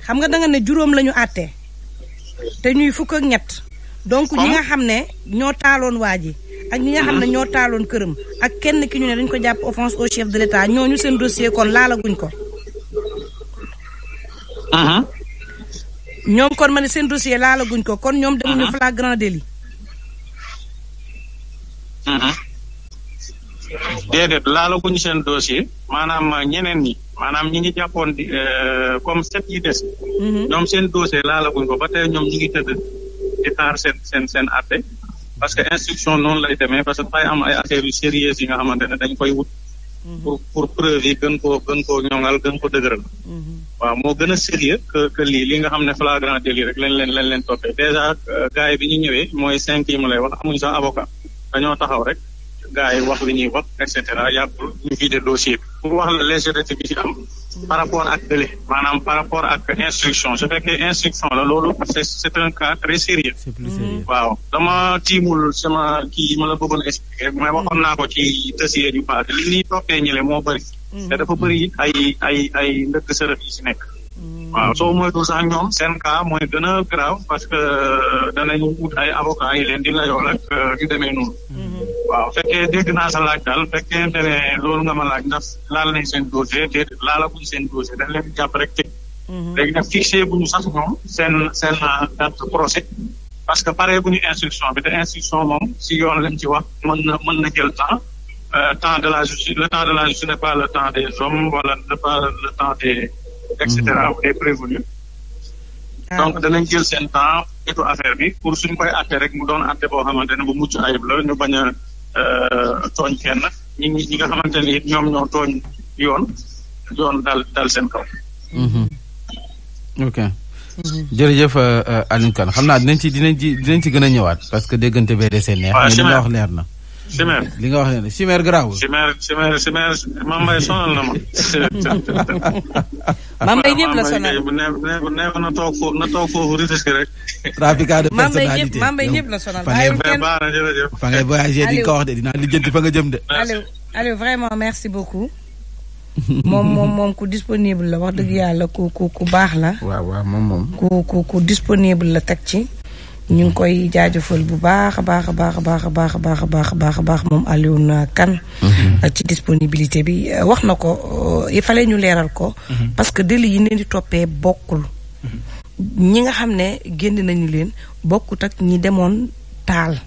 xam nga danga ne juróom la ñu àtte. te ñuy fukk ak donc ñi nga xam ne ñoo taaloon waa ji. ak ñi nga xam ne ñoo taaloon këram ak kenn ki ñu ne dañ ko jàpp offense au chef de l'État ñooñu seen dossier kon laalaguñ ko. ñoom kon ma ne seen dossier laalaguñ ko kon ñoom demuñu flagrant délit. déedéet laalaguñ seen dossier maanaam ñeneen ñi maanaam ñi ngi jàppoon di euh, comme set yi des. Mhm. ñoom seen dossier laalaguñ ko ba tey ñoom ñi ngi tëdd di seen seen seen àtte. parce que instruction noonu lay demee parce que dafay am ay affaires yu sérieuses nga xamante ne dañ koy wut. Mhm. pour pour preuve yi gën koo ko dëgëral. Mhm. waaw moo gën a sérieux que que li nga xam ne flagrant délit rek lañ leen lañ leen toppee déjà euh, gars yi bi ñu ñëwee mooy cinq yi mu lay wax amuñu sax avocat dañoo taxaw rek gars yi wax li wax et cetera yàggul ñu vidé dossier pour wax la légèreté bi ci am par rapport ak délai maanaam par rapport ak instruction su fekkee instruction la loolu c'est c'est un cas très sérieux mmh. waaw dama tiimul sama kii ma la bëggoon expliquer mais waxoon naa ko ci dossier yu passé li ñuy toppee ñële moo bëri mmh. te dafa bëri ay ay ay ndëkk sërëf yi si nekk waaw soo moytuwul sax ñoom seen cas mooy gën a parce que euh, danañu ut ay avocats yi leen di layoo rek di euh, demee noonu. Mm-hmm. waaw fekkee dégg naa sa laaj daal fekkee ne loolu nga ma laaj ndax laal nañ seen dossier te seen dossier dañ leen jàpp rek teg. Mm-hmm. léegi nag fixé bu ñu sax ñoom seen seen euh, date procès parce que pare bu ñu instruction bi te instruction moom si yoon lañ ci wax mën na mën na jël temps de la justice le temps de la justice n'est et cetera on mhm. est ah, donc danañ jël seen temps etu affaire bi pour suñ koy àtte rek mu doon àtte boo xamante ne bu mucc ayib la ñu bañ a euh, tooñ kenn ñi ñi nga xamante ne it ñoom ñoo tooñ yoon yoon dal dal seen kaw. Mhm. ok. Mhm. jërëjëf euh, euh, Alioune Kane xam naa dinañ ci dinañ ci dinañ ci gën a ñëwaat parce que déggante bee dese neex. waaw li wax leer na. Chimère li nga wax ne Chimère garaawul. Chimère Chimère Chimère Mame Mbaye sonal na ma. Mame Mbaye ñëpp la sonal bu neex na toog foofu na toog foofu risque rek. trafiquant de personnalité Mame Mbaye ñëpp la sonal. fa di ko wax nga jëm de. Aliou Aliou vraiment merci beaucoup. moom moom ku disponible la wax dëgg yàlla ku ku ku baax la. waaw waaw moom moom. ku ku ku disponible la teg ci. ñu ngi koy jaajëfal bu baax a baax baax a baax a baax a baax a baax a baax a baax moom Alioune Kane mhm. ci disponibilité bi wax na ko il fallait ñu leeral ko mhm. parce que délits yi leen di toppee bokkul mhm. ñi nga xam ne génn nañu leen bokkut ak ñi demoon taal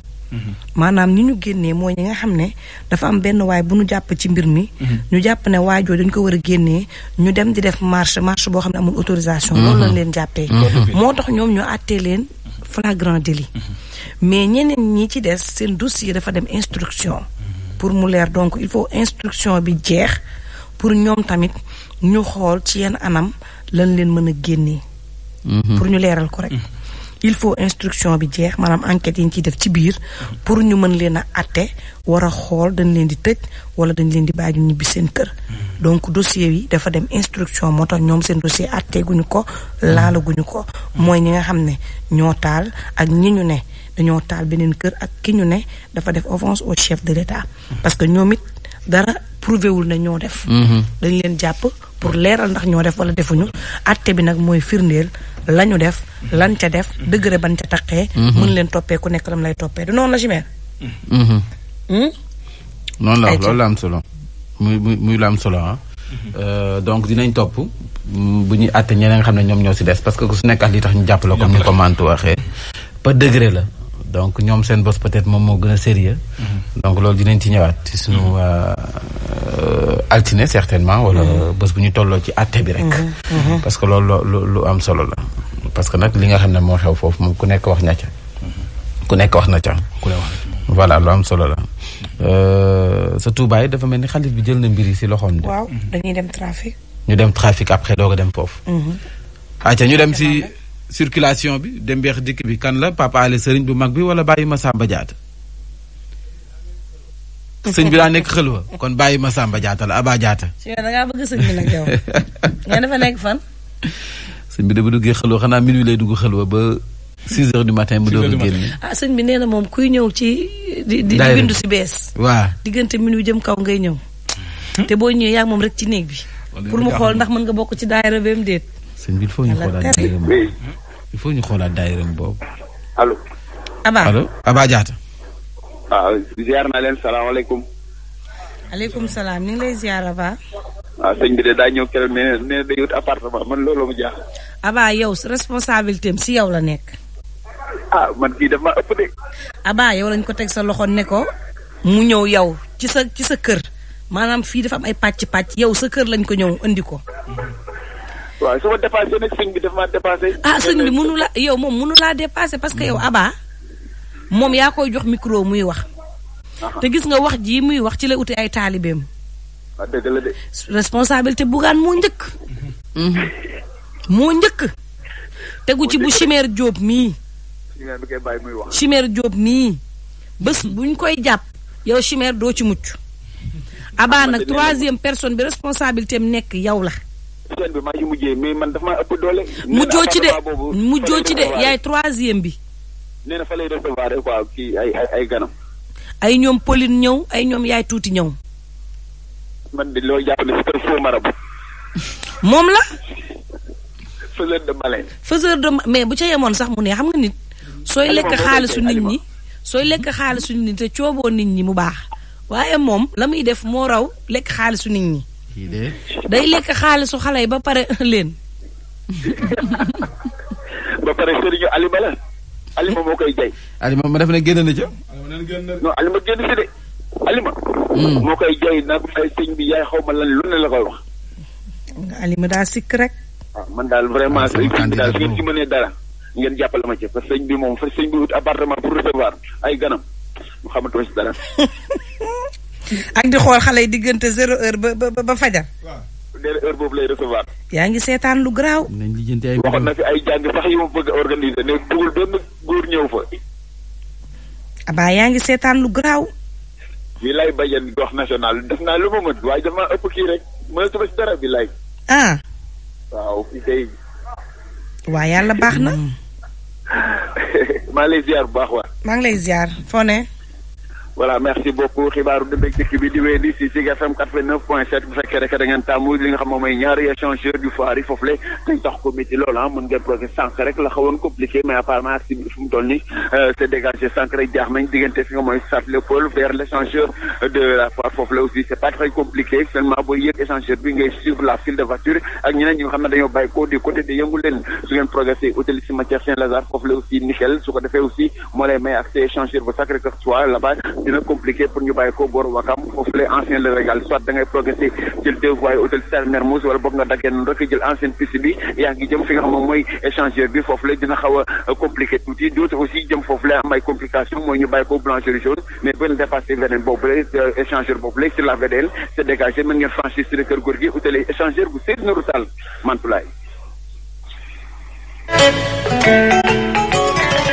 maanaam ni ñu génnee mooy ñi nga xam ne dafa am benn waay bu ñu jàpp ci mbir mi. ñu jàpp ne waajoo dañ ko war a génnee ñu dem di def marche marche boo xam ne amul autorisation. loolu lañ leen jàppee. moo tax ñoom ñu àttee leen flagrant délit mais ñeneen ñi ci des seen dossier dafa dem instruction pour mu leer donc il faut instruction bi jeex pour ñoom tamit ñu xool ci yenn anam lan leen mën a génne mhm. pour ñu leeral ko rek mhm. il faut instruction bi jeex maanaam enquête yi ñu ciy def ci biir pour ñu mën leen a atte war a xool dañ leen di tëj wala dañ leen di bàyyi ñu ñibbi seen kër hmm. donc dossier yi dafa dem instruction moo tax ñoom seen dossier atte guñu ko laalaguñu hmm. ko mooy ñi nga xam ne ñoo taal ak ñi ñu ne dañoo taal beneen kër ak ki ñu ne dafa def offense au chef de l'État hmm. parce que ñoom it dara prouvé wul na ñoo def dañ leen jàpp pour leeral ndax ñoo def wala defuñu atte bi nag mooy firndeel lañu def lan ca def dëgëre ban ca taqee mhm. mën leen toppee ku nekk lam lay toppee du noonu la Chimère mhm. hmm? noonu la loolu la am solo muy muy muy la am solo ah euh, donc dinañ topp mm, bu ñuy àtte ñeneen nga xam ne ñoom ñoo si des parce que ku su nekk ak li tax ñu jàpp la comme ni ko mantu waxee par degré la donc ñoom seen bos peut-être moom moo gën a sérieux mm-hmm. donc loolu dinañ ci ñëwaat ci suñu mm-hmm. euh, euh, altine certainement wala mm-hmm. bés bu ñu tolloo ci àtte bi rek parce que loolu lu am solo la parce que nag li nga xam ne moo xew foofu moom ku nekk wax na ca ku nekk wax na ca voilà lu am solo la euh, sa tuubaay dafa mel ni xalit bi jël na mbir yi si loxoom de dañuy dem trafic ñu dem trafic après doog dem foofu acca ñu dem si circulation bi dem beex dikk bi kan la Papa Alé sëriñ bu mag bi wala Baye ba jaata sëñ bi daa nekk xëlwa kon Baye Massamba Diatta la Aba Diatta si da ngaa bëgg sëñ bi bi da bu duggee xëlwa xanaa minuit lay dugg xëlwa ba 6 heures du a ah, sëñ bi nee na moom kuy ñëw ci di di bindu si bees waa diggante minuit jëm kaw ngay ñëw hmm? te boo ñëwee yaa moom rek ci néeg bi pour mu xool ndax mën nga bokk ci daayira beem déet il faut ñu xoolaat daayiram boobu. allo. Aba allo Aba Diatta. Ah, naa leen salaamaaleykum. aleykum salaam ñu ngi lay ziar Aba. waaw ah, sëñ bi de daa ñëw keroog nee day wut appartement man loolu mu jaax Aba yow responsabilité am si yow la nekk. ah man yow lañ ko teg sa loxo ne ko mu ñëw yow ci sa ci sa kër maanaam fii dafa am ay pàcc pàcc yow sa kër lañ ko ñëw indi ko. waa su ma dépassé nag sëñ bi daf ah sëñ bi mënu la yow moom mënu laa dépassé parce que yow hmm. Abba moom yaa koy jox micro muy wax. Ah. te gis nga wax ji muy wax ci la uti ay taalibeem. waaw ah, dëgg responsabilité bugaan moo njëkk. Hmm. moo njëkk. tegu ci bu Chimère Diop mii. Chimère Diop mii. bés buñ koy jàpp yow Chimère doo ci mucc. Abba nag troisième personne bi responsabilité am nekk yow la. seen bi maa ngi mujjee mais man dafa maa ëpp doole. mujjoo ci de mujjoo ci de yaay troisième bi. nee na fa lay kii ay ay ganam. ay ñoom ñëw ay ñoom yaay tuuti ñëw. man de loolu jàpp ne moom la. faiseur de malin. faiseur de mais bu ca yemoon sax mu ne xam nga nit. sooy lekk xaalisu nit ñi sooy lekk xaalisu nit ñi te cooboo nit ñi mu baax waaye moom la muy def moo raw lekk xaalisu nit ñi. kii de. day lekk xaalisu xale yi ba pare leen. ba pare sëriñu Alima la. Alima moo koy jay. Alima ma def ne génn na ca. non Alima génn si de. Alima. Hmm. moo koy jay nag ay sëñ bi yaay xaw ma lan lu ne la koy wax. Alima daa sikk rek. waaw ah, man daal vraiment sëñ bi daal su ngeen ci mënee dara ngeen jàppale ma ci parce que sëñ bi moom fa sëñ bi wut appartement pour recevoir ay ganam mu xamatuma si dara. ak di xool xale yi diggante zéro heure ba ba ba fajar. boobu lay recevoir. yaa ngi seetaan lu garaaw. nañ lijjanti ay waxoon na fi ay jàng sax yu ma bëgg a organiser ne dugul benn góor ñëw fa. abaa yaa ngi seetaan lu garaaw. bii lay bajan gox national def naa lu ma mën waaye dafa maa bi lay. ah. waa yàlla baax na. maa ngi lay ziar bu baax waa. maa ngi lay ziar foo voilà merci beaucoup xibaaru dëgg dëkk bi di wéy di si Zik FM 89.7 bu fekkee rek da ngeen tàmmu li nga xam ñaari échangeur du foire foofu la tey tax ko métti loolu ah mën ngeen projet sànq rek la xawoon compliqué mais apparemment si fu mu toll nii euh, c'est dégagé sànq rek jaax nañ diggante fi nga mooy Stade Léopold vers l'échangeur de la foire foofu la aussi c'est pas très compliqué seulement booy yëg échangeur bi ngay ne dañoo bàyyi ko du côté su dina compliqué pour ñu bàyyi ko boor Wakam foofule ancien le régal soit da progressé jël deux hôtel Star Mermoz wala boog nga daggee noonu rek jël ancienne piste bi yaa ngi jëm fi nga xam mooy échangeur bi foofule dina xaw euh, compliqué tuuti d'autres aussi jëm foofule am ay complications mooy ñu bàyyi ko blancherie jaune mais bu leen dépassé VDN boobule euh, échangeur boobule sur la VDN c'est dégagé mën ngeen franchir sur Kër Gorgui hôtel échangeur bu Seydina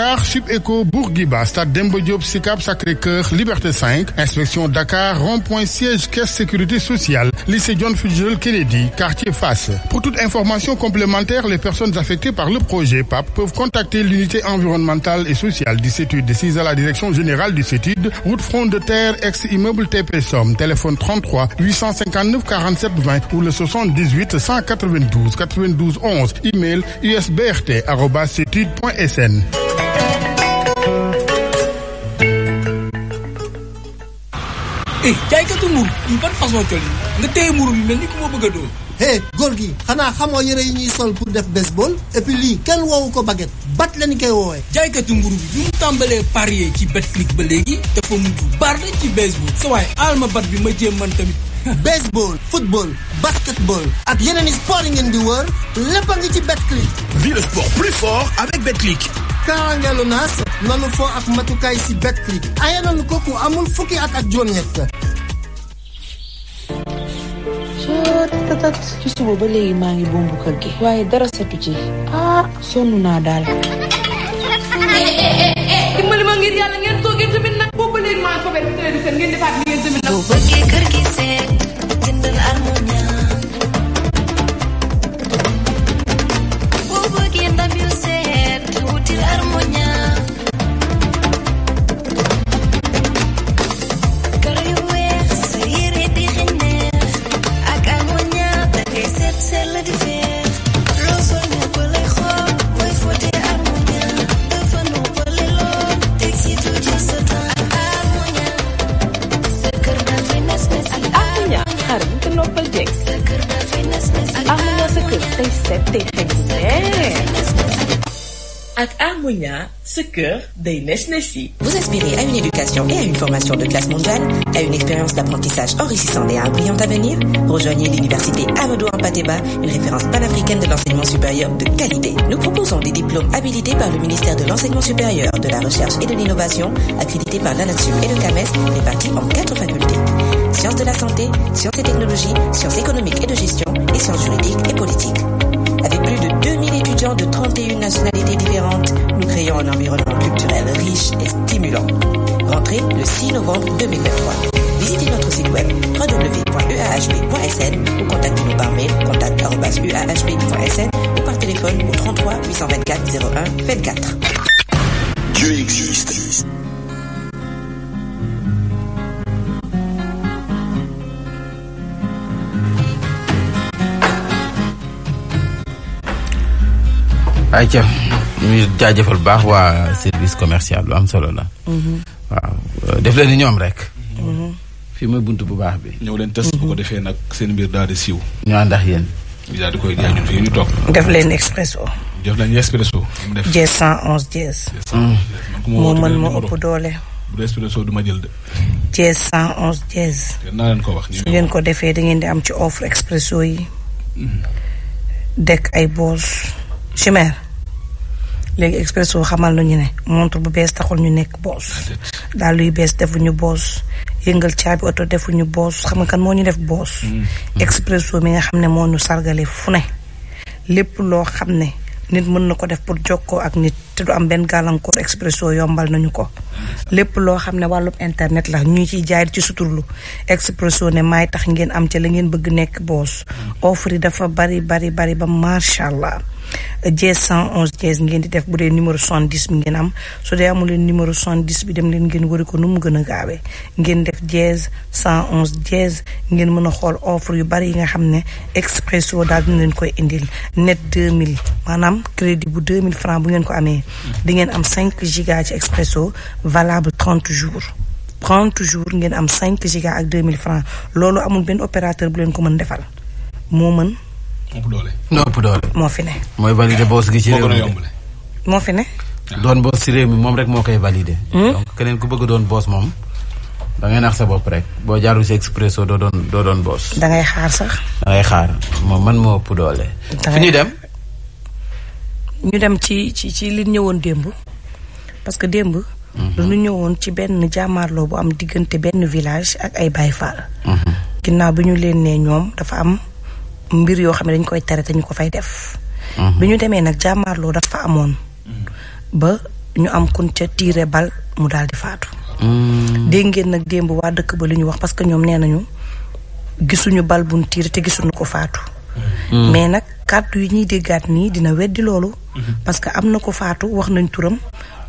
Dakar Sub Eco Bourguiba Stade Demba Diop Sicap Sacré-Cœur Liberté 5 inspection Dakar rond-point siège caisse sécurité sociale lycée John Fitzgerald Kennedy quartier Fass pour toute information complémentaire les personnes affectées par le projet PAP peuvent contacter l'unité environnementale et sociale du CETUD sise à la direction générale du CETUD route front de terre ex eh jaaykatu mburu yi ban façon col yi nga téye mburu bi mel ni ku ma bëgg a dóor. hey eh, góor gi xanaa xamoo yére yi ñuy sol pour def baseball et puis lii kenn woowu ko bagget bat lañ koy woowee. jaaykatu mburu bi bi mu tàmbalee parier ci Betclic ba léegi dafa mujj bar na ci baseball sa waay aal ma bat bi ma jéem man tamit. baseball football basketball ak yeneen i sport yi ngeen di wër lépp a ngi ci Betclic. Vive le sport plus fort avec Betclic. kaaraangeelu naas nanu foo ak matukaay si Betclic aye nanu ko amul fukki at ak juróom-ñett. ci suba ba léegi maa ngi bombu waaye dara setu ci ah sonn naa daal. dimbali ma ngir yàlla ngeen toog ngeen tamit nag boobu ba léegi maa ngi ko benn télévision ngeen defaat ngeen tamit nag. noppal jeeg Armonia sa kër tey set tey xeeñ bu neex Ak Armonia, ce cœur des Nesnessi. Vous aspirez à une éducation et à une formation de classe mondiale, à une expérience d'apprentissage enrichissante et à un brillant Rejoignez l'université Amadou hampâté une référence panafricaine de l'enseignement supérieur de qualité. Nous proposons des diplômes habilités par le ministère de l'enseignement supérieur, de la recherche et de l'innovation, accrédités par l'ANATSUM et le CAMES, répartis en quatre facultés. sciences de la santé, sciences et technologies, sciences économiques et de gestion et sciences juridiques et politiques. Avec plus de 2000 étudiants de nationalités différentes, nous créons un environnement culturel riche et stimulant. Rentrée le novembre Visitez notre site web www.uahb.sn e ou contactez-nous par mail contact.uahb.sn e ou par téléphone au 33 824 01 24. Dieu existe. ayca ñu jaajëfal baax waa service commercial lu am solo la. Mhm. waaw def leen ni ñoom rek. Mhm. fii mooy buntu bu baax bi. ñëw leen test bu ko defee nag seen mbir daal di siiw. ñu ànd ak yéen. ñu daal di koy jaay ñun fii ñu toog. def leen expresso. def leen expresso. def jees 111 jees. moo mën moo ëpp doole. bu dee du ma jël de. jees 111 jees. naa leen ko wax su ngeen ko defee da ngeen di am ci offre expresso yi. Mm. dekk ay boos. chimère léegi expresso xamal nañu ne montre bu bees taxul ñu nekk boos daal yu bees defuñu boos yëngal caabi oto defuñu boos xam nga kan moo ñu def boos mm-hmm. expresso mi nga xam ne moo ñu sargale fu ne lépp loo xam ne nit mën na ko def pour jokkoo ak nit te du am benn gàllankoor expresso yombal nañu ko lépp loo xam ne wàllum internet la ñu ciy jaay ci suturlu expresso ne maay tax ngeen am ca la ngeen bëgg nekk boos mm-hmm. offre yi dafa bari bari bari ba macha allah. dièse 111 dièse ngeen di def bu dee numéro 70 bi ngeen am su dee amu leen numéro 70 bi dem leen ngeen wari ko nu mu gën a gaawee ngeen def dièse 111 dièse ngeen mën a xool offre yu bari yi nga xam ne Expresso daal dina leen koy indil net 2000 maanaam crédit bu 2000 francs bu ngeen ko amee di am cinq giga ci Expresso valable 30 jours 30 jours ngeen am cinq giga ak 2000 francs loolu amul benn opérateur bu leen ko mën defal moo mën ëpp doole. moo ëpp doole. moo fi ne. mooy valider boos gi ci réew mi moo fi ne. doon boos ci réew mi moom rek moo koy valider. Hmm? keneen ku bëgg doon boos moom. da ngay nax sa bopp rek boo jaarul si expresso doo doon doo doon boos. da ngay xaar sax. da xaar moom man moo ëpp doole. fi ñu dem. ñu dem ci ci ci li ñëwoon démb. parce que démb. lu mhm. ñëwoon ci benn jàmmaarlo bu am diggante benn village ak ay Baye Fall. Mhm. ginnaaw bi ñu leen nee ñoom dafa am. mbir yoo xam ne dañ koy tere te ñu ko fay def. Mhm. bi ñu demee nag jàmmaarloo dafa amoon. Mhm. ba ñu am kun ca tiire bal mu daal di faatu. Mhm. dégg ngeen nag démb waa dëkk ba li ñu wax parce que ñoom nee nañu gisuñu bal buñ tiire te gisuñu ko faatu. mais nag kàddu yi ñuy déggaat nii dina weddi loolu. parce que am na ko faatu wax nañ turam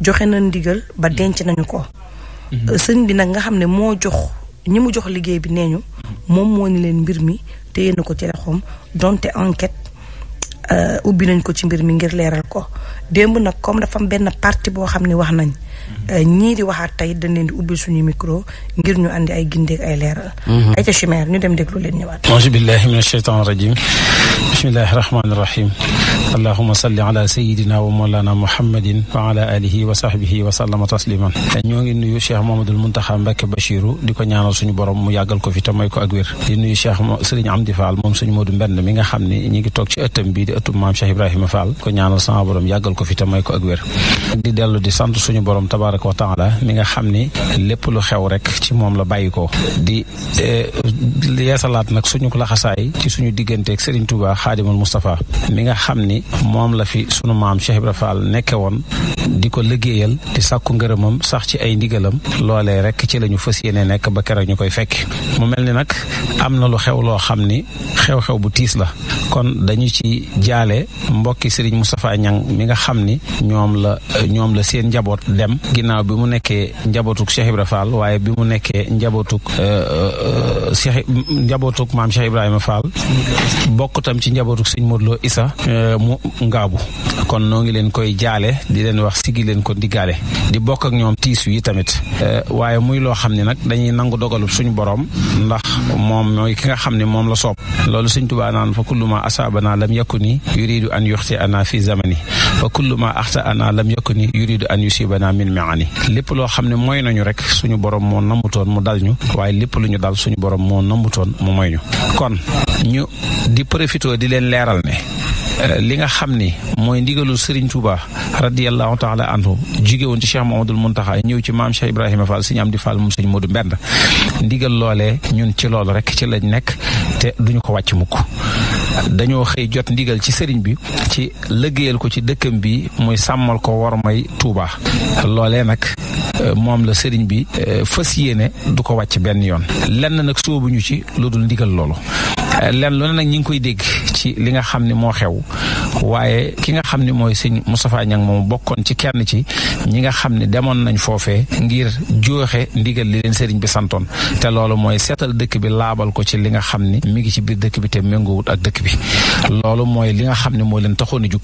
joxe na ndigal ba denc nañu ko. sëñ bi nag nga xam ne moo jox ñi mu jox liggéey bi nee ñu moom moo ni leen mbir mi. téye na ko ci loxoom donte enquête euh, ubbi nañ ko ci mbir mi ngir leeral ko démb nag comme dafa benn parti boo xam ne wax nañ Euh, ñii di waxaat tey dañ leen di ubbi suñu micro ngir ñu andi ay gindeeg ay leeral. Mhm. ay ca chimère ñu dem déglu leen ñëwaat. auzu billahi min ashaytan rajim bismillahi rahmani rahim allahuma salli ala sayidina wa mawlana muhammadin wa ala alihi wa sahbihi wa sallama tasliman ñoo ngi nuyu cheikh mamadul muntaxa mbàkke bachiru di ko ñaanal suñu borom mu yàggal ko fi te may ko ak wér di nuyu cheikh sëriñ amdi fall moom suñu moodu mbenn mi nga xam ne ñi ngi toog ci ëttam bii di ëttum maam cheikh ibrahima ko ñaanal sama yàggal ko fi te may ko ak tabaraka wa taala mi nga xam ni lépp lu xew rek ci moom la bàyyi ko di eh, yeesalaat nag suñu laxasaay ci suñu digganteeg Serigne Touba Xaadimul Moustapha mi nga xam ni moom la fi sunu maam Cheikh Ibra Fall nekke woon di ko liggéeyal di sàkku ngërëmam sax ci ay ndigalam loolee rek ci la ñu fas yéene nekk ba keroog ñu koy fekk mu mel ni nag am na lu xew loo xam ni xew-xew bu tiis la kon dañu ci jaale mbokki Serigne Moustapha mi nga xam ni ñoom la ñoom la seen njaboot dem ginnaaw bi mu nekkee njabootuk Cheikh Ibra Fall waaye bi mu nekkee njabootuk euh, euh, Cheikh njabootuk maam Cheikh Ibrahima Fall bokk tam ci njabootuk sëñ Modou Lo Issa euh, mu ngaabu kon noo ngi leen koy jaale di leen wax sigi leen ko diggaale di bokk ak ñoom tiis yi tamit waaye muy loo xam ne nag dañuy nangu dogalub suñu borom ndax moom mooy ki nga xam ne moom la soob loolu sëñ Tuubaa naan fa kullu ma asaabana lam yakuni yuridu an yuxti ana fi zamani fa maani lépp loo xam ne mooy nañu rek suñu borom moo namutoon mu dal ñu waaye lépp lu ñu dal suñu borom moo namutoon mu moy ñu kon ñu di profité di leen leeral ne euh, li nga xam ni mooy ndigalu Serigne Touba radiyallahu taala anhu jige woon ci Cheikh mun taxaay ñëw ci maam Cheikh Ibrahima Fall di Amdi mu moom Serigne du Mbend ndigal loolee ñun ci lool rek ci lañ nekk te duñu ko wàcc mukk dañoo xëy jot ndigal ci sëriñ bi ci liggéeyal ko ci dëkkam bi muy sàmmal ko war may Touba loolee nag euh, moom la sëriñ bi euh, fës yéene du ko wàcc benn yoon lenn nag soobuñu ci lu dul ndigal loolu lenn lu ne nag ñu ngi koy dégg ci li nga xam ne moo xew waaye ki nga xam ne mooy sëñ Moustapha Niang moom bokkoon ci kenn ci ñi nga xam ne demoon nañ foofee ngir jooxe ndigal li leen sëriñ bi santoon te loolu mooy seetal dëkk bi laabal ko ci li nga xam ni mi ngi ci biir dëkk bi te méngoowut ak dëkk bi loolu mooy li nga xam ne moo leen taxoon a jug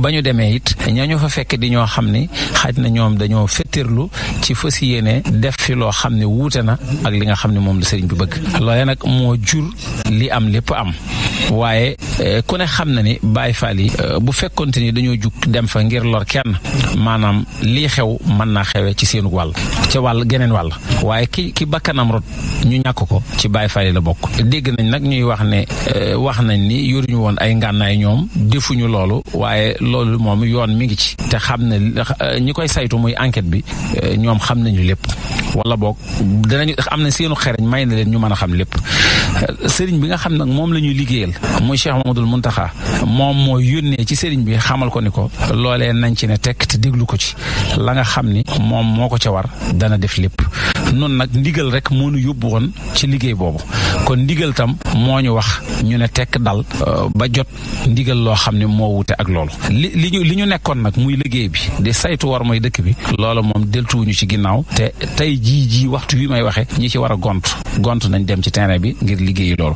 ba ñu demee it ñañu fa fekk di ñoo xam ne xaj na ñoom dañoo tërlu ci fas yéene def fi loo xam ne wuute na ak li nga xam ne moom la sëriñ bi bëgg loolee nag moo jur li am lépp am waaye eh, ku ne xam na ni Baay Faal yi eh, bu fekkonte ni dañoo jug dem fa ngir lor kenn maanaam lii xew mën naa xewee ci seen wàll ca wàll geneen wàll waaye ki ki bakkanam rot ñu ñàkk ko ci Baay Faal yi la bokk dégg nañ nag ñuy wax ne eh, wax nañ ni yoruñu woon ay ngànnaay ñoom defuñu loolu waaye loolu moom yoon mi ngi ci te xam ne ñi koy saytu Euh, ñoom xam nañu lépp wala boog danañu am na seenu xereñ may na leen ñu mën a xam lépp sëriñ bi nga xam nag moom la ñuy liggéeyal muy Cheikh Mamadul Muntaxa moom moo yónnee ci sëriñ bi xamal ko ni ko loolee nañ ci ne tekk te déglu ko ci la nga xam ni moom moo ko ca war dana def lépp noonu nag ndigal rek moo ñu yóbbu woon ci liggéey boobu kon ndigal tam moo ñu wax ñu ne tekk dal euh, ba jot ndigal loo xam ne moo wute ak loolu li li ñu li nekkoon nag muy liggéey bi di saytu war mooy dëkk bi loolu moom deltuwuñu ci ginnaaw te ji ji waxtu wi may waxee ñi ci war a gont gont nañ dem ci terrain bi ngir liggéeyi loolu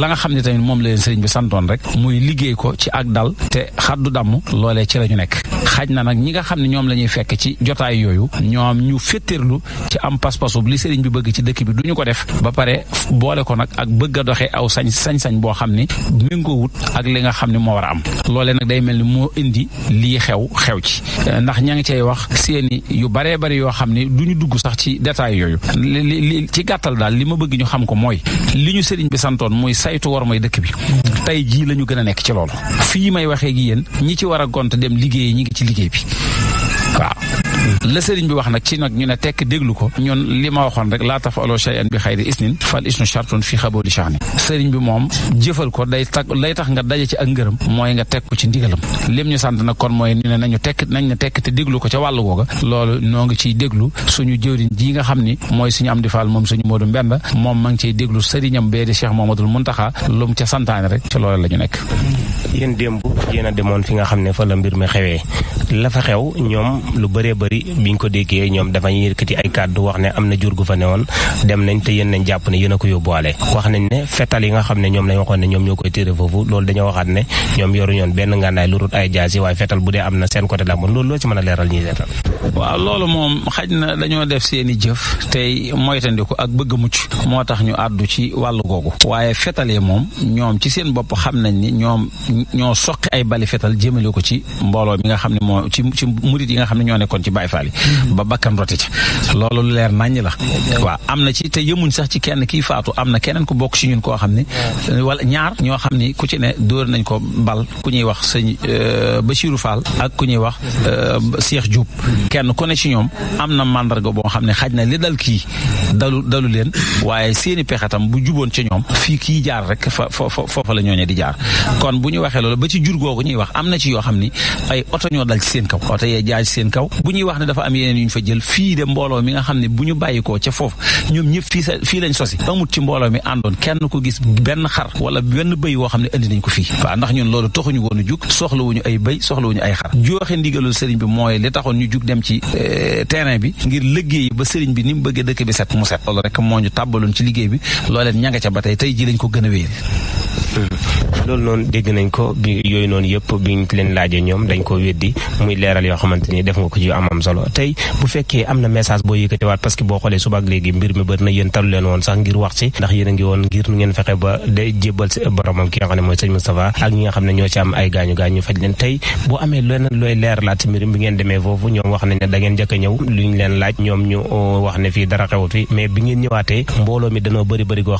la nga xam ne tamit moom la leen sëriñ bi santoon rek muy liggéey ko ci ak dal te xaddu damm loole ci la ñu nekk xaj na nag ñi nga xam ne ñoom la ñuy fekk ci jotaay yooyu ñoom ñu féttéerlu ci am pas-pasub li sëriñ bi bëgg ci dëkk bi duñu ko def ba pare boole ko nag ak bëgg a doxee aw sañ sañ-sañ boo xam ne méngoowut ak li nga xam ne moo war a am loolee nag day mel ni moo indi lii xew xew ci ndax ña ngi cay wax seeni yu baree bari yoo xam ne duñu dugg sax ci détail yooyu ci gàttal daal li ma bëgg ñu xam ko mooy doon muy saytu war mooy dëkk bi tey jii la ñu gën a nekk ci loolu fii may waxee gi yéen ñi ci war a gont dem liggéey ñi ngi ci liggéey bi waaw la sëriñ bi wax nag ci nag ñu ne tekk déglu ko ñun li ma waxoon rek laa taf aloo shay'an bi xayri isnin fal isnu shartun fi xabooli sha'ni sëriñ bi moom jëfal ko day tax nga daje ci ak ngërëm mooy nga tekk ko ci ndigalam lim ñu sant nag kon mooy ñu ne nañu tekk te déglu ko ca wàll googa loolu noo ngi ciy déglu suñu jëwriñ ji nga xam ni mooy suñu am di faal moom suñu moodu mbend moom ma ngi ciy déglu sëriñam bee di Cheikh Mamadul Muntaxa lu mu la ñu nekk yéen démb yéen a demoon fi nga xam ne fa la mbir mi xewee la fa xew ñoom bi biñ ko déggee ñoom dafa yëkkati ay kàddu wax ne am na jur gu fa newoon dem nañ te yéen nañ jàpp ne yéen a ko yóbbuwaale wax nañ ne fetal yi nga xam ne ñoom ci a leeral ñuy moo tax ñu àddu ci wàllu googu waaye fetale moom ñoom ci seen bopp xam nañ ni ñoom ñoo soqi ay bali fetal jëmale ko ci mbooloo mi nga xam ne moo ci murit yi nga xam ne ñoo nekkoon ci Baye Fall yi ba bakkan roti ci loolu leer naññ la waaw am na ci te yëmuñ sax ci kenn kii faatu am na keneen ku bokk ci ñun koo xam ne wala ñaar ñoo xam ni ku ci ne dóor nañ ko bal ku ñuy wax sëñ euh, Bachirou Fall ak ku ñuy wax euh, Cheikh Diop ku ne ci ñoom am na màndarga boo xam ne xaj na li dal kii dalu dalu leen waaye seeni pexetam bu juboon ci ñoom fii ki jaar rek fa foofa la ñooñe di jaar kon bu ñu waxee loolu ba ci jur googu ñuy wax am na ci yoo xam ni ay oto ñoo dal ci seen kaw oto yee jaar ci seen kaw bu ñuy wax ne dafa am yeneen yu ñu fa jël fii de mbooloo mi nga xam ne bu ñu bàyyikoo ca foofu ñoom ñëpp fii sa fii lañ sosi amut ci mbooloo mi àndoon kenn ko gis benn xar wala benn bëy woo xam ne indi nañ ko fii waaw ndax ñun loolu taxuñu woon a jug soxlawuñu ay bëy soxlawuñu ay xar jooxe ndigalul sëriñ bi mooy li taxoon ñu jug dem ci eh, terrain ba sëriñ bi ni mu bëggee dëkk bi set mu set loolu rek moo ñu tàbbaloon ci liggéey bi looleen ña nga ca ba tey tey a wéyal hmm. loolu noonu dégg nañ ko bi yooyu noonu yëpp biñ leen laajee ñoom dañ ko weddi muy leeral yoo xamante ni def nga ko ci amam am solo tey bu fekkee am na message boo yëkkatiwaat parce que boo xoolee suba léegi mbir mi bëri na yéen talu leen woon sax ngir wax ci ndax yéen a ngi woon ngir nu ngeen fexe ba de jébbal si boromam ki nga xam ne mooy am mi ne da ngeen jëkk a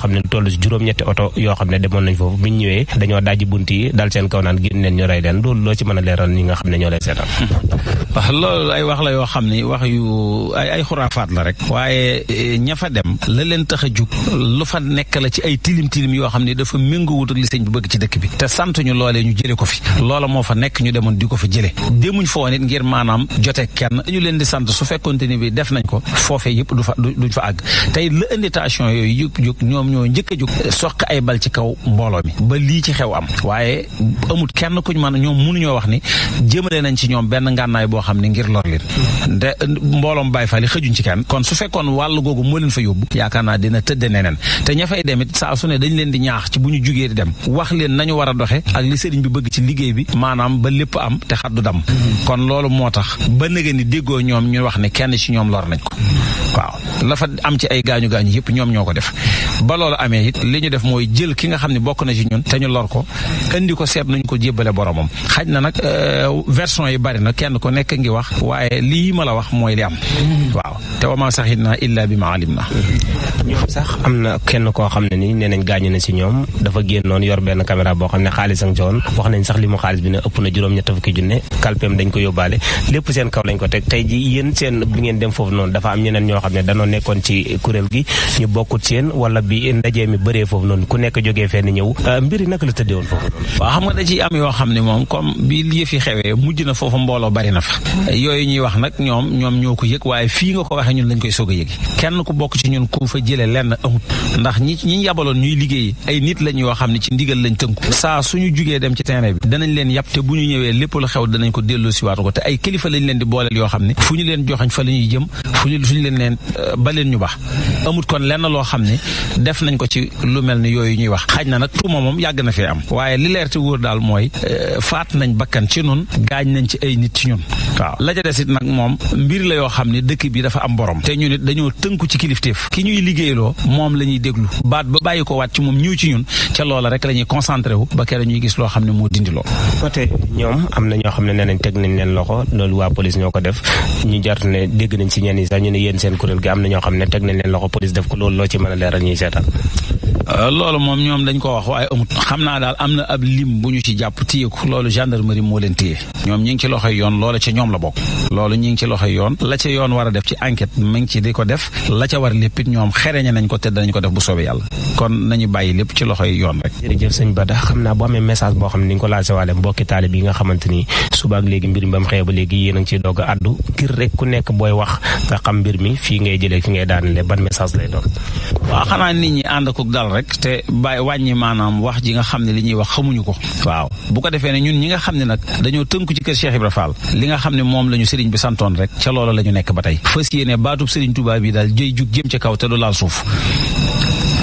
ñëw uh, lu oto yoo xam ne demoon ñëwee dañoo dajji bunt yi dal seen kaw naan génn leen ñu leen loolu loo ci mën a leeral ñi nga xam ne ñoo lay seetal la yoo xam ni wax yu ay ay xuraafaat la rek waaye eh, ña fa dem la leen tax a jug lu fa nekk la ci ay tilim tilim yoo xam ni dafa méngoowut ak li sëñ bi bëgg ci dëkk bi te sant ñu loolee ñu jële ko fi loola moo fa nekk ñu demoon di ko fa jële demuñ fa woon it ngir maanaam jote kenn ñu leen di sant su fekkonte ni bi def nañ ko foofee yëpp du fa duñ fa àgg tey la invitation yooyu yëpp jóg ñoom ñoo njëkk a jóg soq ay bal ci kaw mbooloo mi ba lii ci xew am waaye amut kenn kuñ mën ñoom mënuñoo wax ni jëmale nañ ci ñoom benn ngànnaay boo xam ni ngir lor de mbooloom Baye Fall yi xëjuñ ci kenn kon su fekkoon wàll googu moo leen fa yóbbu yaakaar naa dina tëdde neneen te ña fay dem it saa su ne dañ leen di ñaax ci bu ñu jugee di dem wax leen nañu war doxe ak li sëriñ bi bëgg ci ba lépp am te xaddu dam kon loolu moo tax ba nëgë ni déggoo ñoom ñu wax ne kenn ci ñoom lor nañ ko waaw la am ci ay gaañu gaañu yëpp ñoom ñoo ko def ba loolu amee it li ñu def mooy jël ki nga xam ne bokk na ci ñun te ñu lor ko indi ko seet nañu ko jébbale boromam xaj na nag euh, version yi bari kenn ku lii ma la wax mooy li am waaw te wama saxit naa illa bi ma na ñoom sax am na kenn koo xam ne ni nee nañ gaañu na si ñoom dafa génnoon yor benn caméra boo xam ne xaalis ak joon wax nañ sax li mu xaalis bi ne ëpp na juróom ñett fukki junne kalpeem dañ ko yóbbaale lépp seen kaw lañ ko teg tey ji yéen seen bi ngeen dem foofu noonu dafa am ñeneen ñoo xam ne danoo nekkoon ci kuréel gi ñu bokkut seen wala bi ndaje mi baree foofu noonu ku nekk jógee fenn ñëw euh, mbiri naka la tëddeewoon foofu noonu waaw xam nga da ci am yoo xam ne moom comme bi yëf yi xewee mujj na foofu mbooloo bari na fa yooyu ñuy wax nag ñoom ñoom ñoo ko yëg waaye fii nga ko waxee ñun lañ koy soog a yëg kenn ku bokk ci ñun ku fa jëlee lenn amut ndax ñi ñi yabaloon ñuy liggéey ay nit lañu yoo xam ne ci ndigal lañ tënku saa suñu jugee dem ci terrain bi danañ leen yàpp te bu ñu ñëwee lépp lu xew danañ ko delloo si waatu ko te ay kilifa lañ leen di booleel yoo xam ne fu ñu leen joxañ fa la jëm fu ñu fu ñu leen leen euh, ba leen ñu baax amut kon lenn loo xam ne def nañ ko ci lu mel ni yooyu ñuy wax xaj na nag tuuma moom yàgg na fee am waaye li leer te daal mooy euh, faat nañ bakkan ci ñun gaañ nañ ci ay nit ci ñun moom mbir la yoo xam ne dëkk bi dafa am borom te ñun it dañoo tënku ci kilifteef ki ñuy loo moom la ñuy déglu baat ba bàyyi ko waat ci moom ñëw ci ñun ca loola rek la ñuy concentré wu ba kere ñuy gis loo xam ne moo dindi lool. ñoom am na ñoo xam ne nee nañ nañ leen loxo loolu waa police ko def ñu jar ne dégg nañ ci ñenn ñu ne yéen seen kuréel gi am na ñoo xam ne teg nañ leen loxo police def ko loolu loo ci mën a leeral ñuy seetaan. Euh, loolu moom ñoom dañ ko wax waaye amut xam naa daal am na ab lim bu ñu ci jàpp téye ko loolu gendarmerie moo leen téye ñoom ñi ngi ci loxoy yoon loola ca ñoom la bokk loolu ñi ngi ci loxo yoon la ca yoon war a def ci enquête mi ngi ci di ko def la ca war lépp it ñoom xereñe nañ ko te danañ ko def bu soobee yàlla kon nañu bàyyi lépp ci loxoy yoon rek. jërëjëf sëñ Bada nga ko subaak léegi mbir mi ba mu xëyee ba léegi yéen a ngi ciy doog rek ku nekk booy wax nga xam mbir mi fii ngay jëlee ki ngay daanale ban message lay doon. waaw xanaa nit ñi ànd ko dal rek te bàyyi wàññi maanaam wax ji nga xam ne li ñuy wax xamuñu ko. waaw bu ko defee ne ñi nga xam ne nag dañoo tënku ci kër Cheikh Ibra Fall li nga bi santoon rek ca loola la ñu nekk ba tey fas yéene baatub Serigne Touba bi daal jëy jug jëm ca kaw te du laal suuf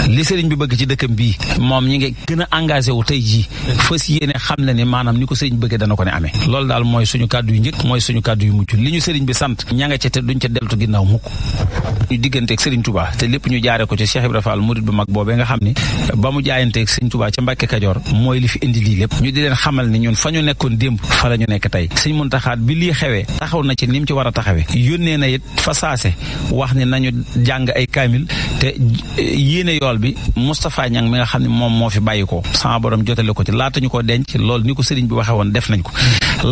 li sëriñ bi bëgg ci dëkkam bii moom ñi ngi gën a engagé wu tey jii fas yéene xam le ne maanaam ni ko sëriñ bëggee dana ko ne amee loolu daal mooy suñu kàddu yu njëkk mooy suñu kàddu yu mucc li ñu sëriñ bi sant ña nga ca te duñ ca deltu ginnaaw mukk ñu digganteeg sëriñ Touba te lépp ñu jaare ko ci Cheikh Ibra Fall murid bu mag boobee nga xam ne ba mu jaayanteeg sëriñ Touba ca Mbàkke Kajoor mooy li fi indi lii lépp ñu di leen xamal ne ñun fa ñu nekkoon démb fa la ñu nekk tey sëriñ Muntaxa bi lii xewee taxaw na ci ni mu ci war a taxawee yónnee na it fa saase wax ne nañu jàng ay kaamil te yéene dogal bi Moustapha Niang mi nga xam ne moom moo fi bàyyi ko sama borom jotale ko ci laata ñu ko denc loolu ni ko sëriñ bi waxe woon def nañ ko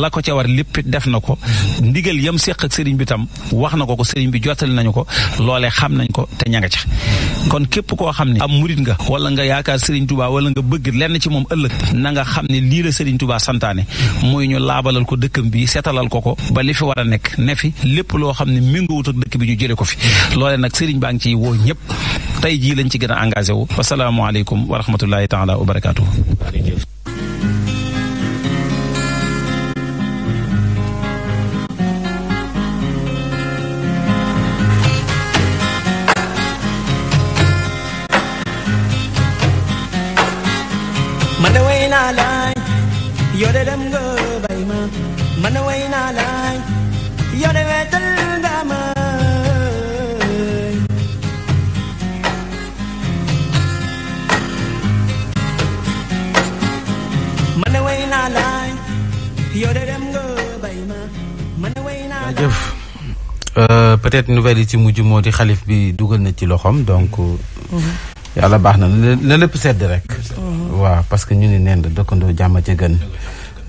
la ko ca war lépp def na ko ndigal yam séq ak sëriñ bi tam wax na ko ko sëriñ bi jottali nañu ko loole xam nañ ko te ña nga ca kon képp koo xam ne am murit nga wala nga yaakaar sëriñ tubaa wala nga bëgg lenn ci moom ëllëg na nga xam ne lii la sëriñ tubaa santaane muy ñu laabalal ko dëkkam bi seetalal ko ko ba li fi war a nekk ne fi lépp loo xam ne méngoowut ak dëkk bi ñu jële ko fi loole nag sëriñ baa ngi ciy woo ñëpp tey jii lañ ci gën a engagé wu wasalaamaaleykum wa rahmatullahi taala wa barakaatu yoo de dem nga bay ma man uh, jëf euh, peut-être nouvelle yi ci mujj moo di xalif bi dugal na ci loxoom donc mm-hmm. yàlla baax na na lépp sedd rek. Mhm. waaw parce que ñu ni neen dëkkandoo jàmm ci gën.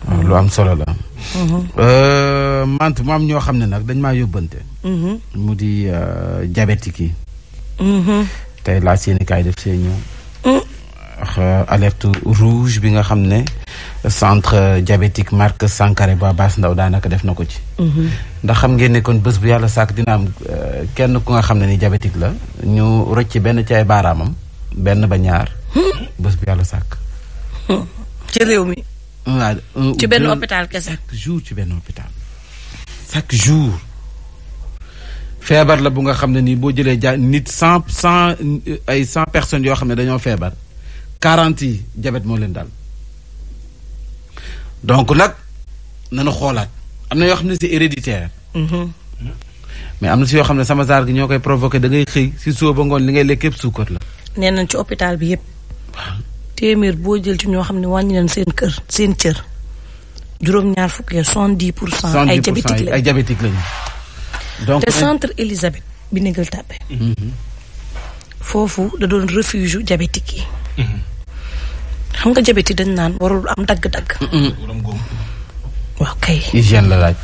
Mhm. lu am solo la. Mhm. Euh, mante mu am ñoo xam ne nag dañ ma yóbbante. mu di euh, diabétique yi. tey laa seeni kaay def see ñëw. Mm. alerte rouge bi nga xam ne centre diabétique Marc Sankaré ba Bass Ndao daanaka def na ko ci. ndax xam ngeen ne kon bés bu yàlla sàkk dina am euh, kenn ku nga xam ne ni diabétique la ñu rocc benn ci ay baaraamam. benn ba ñaar. bés bu yàlla sàkk. ci réew mi. waaw euh, ci benn hôpital kese. chaque jour ci benn hôpital. chaque jour. feebar la bu nga xam ne nii boo jëlee ja nit cent cent euh, ay cent personnes yoo xam ne dañoo feebar quarante yi diabète moo leen daal. donc nag nanu xoolaat am na yoo xam ne si héréditaire. Mm-hmm. mais am na si yoo xam ne sama saar gi ñoo koy provoqué da ngay xëy si suba ngoon li ngay lekk yëpp suukar la. nee nañ ci hôpital bi yëpp. téeméer boo jël ci ñoo xam ne wàññi nañ seen kër seen cër. juróom-ñaar fukki yëpp soixante pour cent. ay diabétique lañu ay diabétique lañu. te centre Elisabeth bi Néguel Tapé. Mm-hmm. foofu da doon refuge diabétique yi. Mm-hmm. xam nga diabétique dañ naan warul am dagg-dagg. Mm-hmm. waaw kay. hygiène la laaj.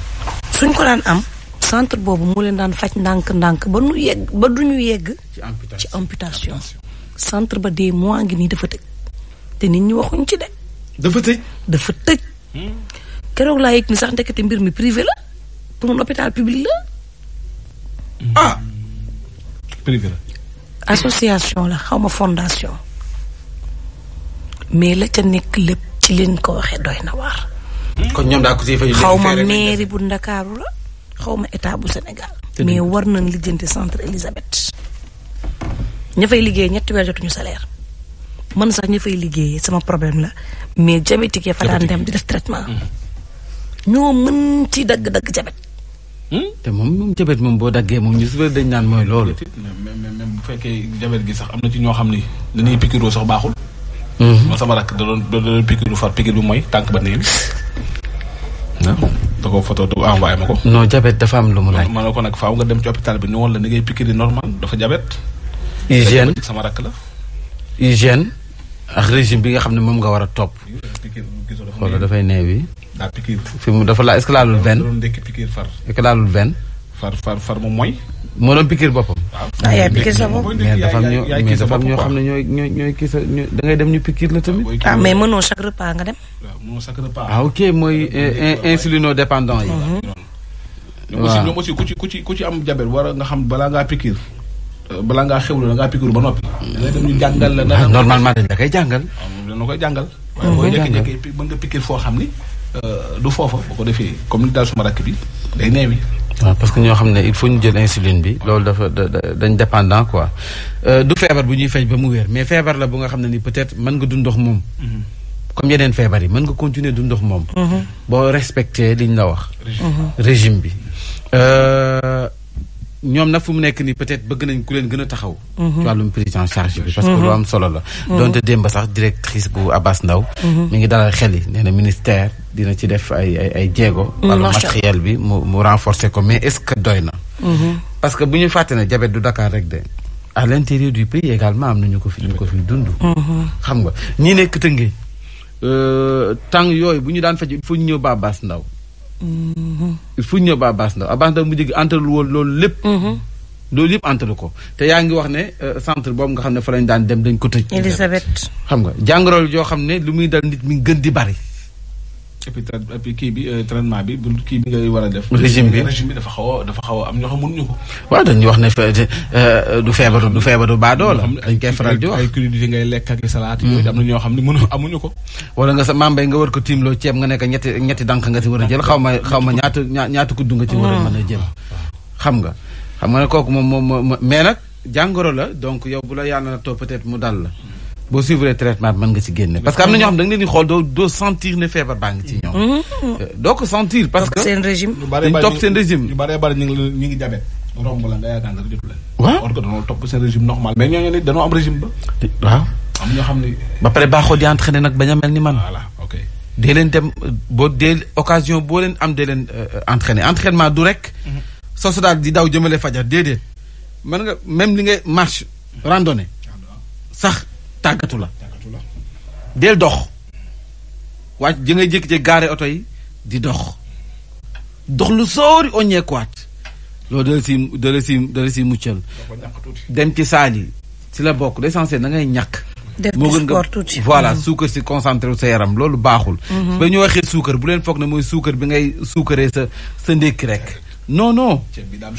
suñ ko daan am. centre boobu mu leen daan faj ndànk-ndànk ba nu yegg ba duñu yegg. ci amputation. centre ba des mois ngi nii dafa tëj te nit ñi waxuñ ci de. dafa tëj dafa tëj. keroog laa yëg ni sax ndekete mbir mi privé la pour un hôpital public ah! la. association la xaw ma fondation. mais la ca nekk lépp ci leen ko waxee doy na waar. kon ñoom daa ko siy fay. xaw ma mairie bu Ndakaaru la xaw ma état bu Sénégal. mais war nañ lijjante centre Elisabeth. ña liggéey ñetti weer jotuñu salaire man sax ña liggéey sama problème la mais diabétique ya fa daan dem di def traitement. Mm. ci dagg-dagg jabet. Hmm? te moom moom jabet moom boo daggee moom ñu dañ naan mooy loolu. même même bu fekkee jabet gi sax am na ci ñoo xam ni dañuy piqûre sax baaxul. man mm-hmm. sama rakk da doon da doon piqûre far piqûre bi mooy tànk ba néew. waaw ah, da koo photo du envoyé ma ko. non jabet dafa am lu mu laaj. ma ne ko nag faaw nga dem ci hôpital bi ñu woon la ni ngay piqûre normal dafa jabet. hygiène sama rakk la hygiène ak bi nga xam ne moom nga war a topp. wala dafay neewi. daa pikiir fi mu dafa laa est-ce que laalul benn. est-ce benn. far far far mooy. moo doon pikiir boppam. ah yaay pikiir sa bopp. ñoo am ñoo ñooy ñooy ñooy kii sa da ngay dem ñu pikiir la tamit. ah, ah mais mënoo chaque repas nga dem. mënoo chaque ah, dépendant yi. waaw mhm. ñoom aussi ku ci ku ci am jabet war nga xam balaa nga pikiir. Euh, balaa ngaa xewlu da ngaa pikiru ba noppi. Mm. dangay dem ñu jàngal la. ah normalement dañ la koy jàngal. waaw ah, moom koy jàngal. Ah, waaye boo njëkkee mën nga pikir foo xam ni. Euh, du foofa boo ko defee comme ni daal suma rakk bi day neewi. parce que ñoo xam ne il faut ñu jël insuline bi. loolu dafa dañ dépendant quoi euh, du feebar bu ñuy faj ba mu wér mais feebar la bu nga xam ne ni peut-être mën nga dundox moom. Mm-hmm. comme yeneen feebar yi mën nga continuer dundox moom. Mm-hmm. boo respecté liñ la wax. régime bi. ñoom nag fu mu nekk nii peut-être bëgg nañ ku leen gën a taxaw. Mhm. ci wàllum prise en charge bi. parce que mhm. lu am solo la. Mhm. donte démb sax directrice bu Abass Ndao mi ngi dalal xel yi nee na ministère dina ci def ay ay ay jéego. Mm, wàllu matériel bi mu mu renforcer ko mais est-ce que doy na. parce que bu ñu fàtte ne diabète du Dakar rek de. à l'intérieur du pays également am na ñu ko fi ñu ko fi dund. xam nga ñi nekk Tëngéej euh, tàng yooyu bu ñu daan faj il faut ñu ñëw ba Abass il fu ñëw ba Abass Ndao Abass Ndao mu jëgg antal woon loolu lépp mhm. loolu yëpp antal ko te yaa ngi wax ne euh, centre boobu nga xam ne fa lañ daan dem dañ ko tëj Elisabeth xam nga jàngoro yoo xam ne lu muy dal nit mi gën di bari et puis et puis bi euh, traitement bi bu kii war a def. régime bi dafa xaw a dafa xaw am ñoo mënuñu ko. waaw dañuy wax ne euh, du feebaru du feebaru baadoo la. dañ koy faral di wax ay crudités ngay lekk ak salaat. yooyu hmm. am na ñoo xam ne mënu amuñu ko. wala nga sa mambay nga war ko tiimloo ceeb nga nekk ñetti ñetti dànk nga ci war a jël xaw ma xaw ma ñaata ñaata kuddu nga ci war a mën a xam nga xam nga ne kooku moom moom mais nag jàngoro la donc yow bu la yàlla na toog peut mu dal la. boo suivre traitement bi mën nga si génne. parce que am na ñoo xam da nga leen di xool doo doo sentir ne feebar baa ngi ci ñoom. Mm-hmm. Euh, doo ko sentir parce que. seen régime dañ topp seen régime. ñu bari bari ñu ngi ñu ngi jabet. romb la nga yaakaar ne jotu leen. waaw or que dañoo topp seen régime normal. mais ñooñu nit dañoo am régime ba. waaw am ñoo xam ne. ba pare baaxoo di entraîné nag bañ a mel ni man. voilà ok dee leen dem boo dee occasion boo leen am dee leen euh, entraîné entraînement du rek. Mm-hmm. soosu daal di daw jëmale fajar déedéet. mën nga même li ngay marche randonnée ah, sax tàggatu la. tàggatu la del dox. wàcc di jëkk jékki gaar gaare oto yi di dox. dox lu sóori oññeekuwaat. loolu dala si dala si dala si muccal. dem ci saal yi si la bokk l'essentiel da ngay ñàkk. moo gën nga voilà mm-hmm. suukar si concentré sa yaram loolu baaxul. Mm-hmm. ba ñu waxee suukar bu leen foog na mooy suukar bi ngay suukaree sa sa ndékki rek. non non. ceeb bi daa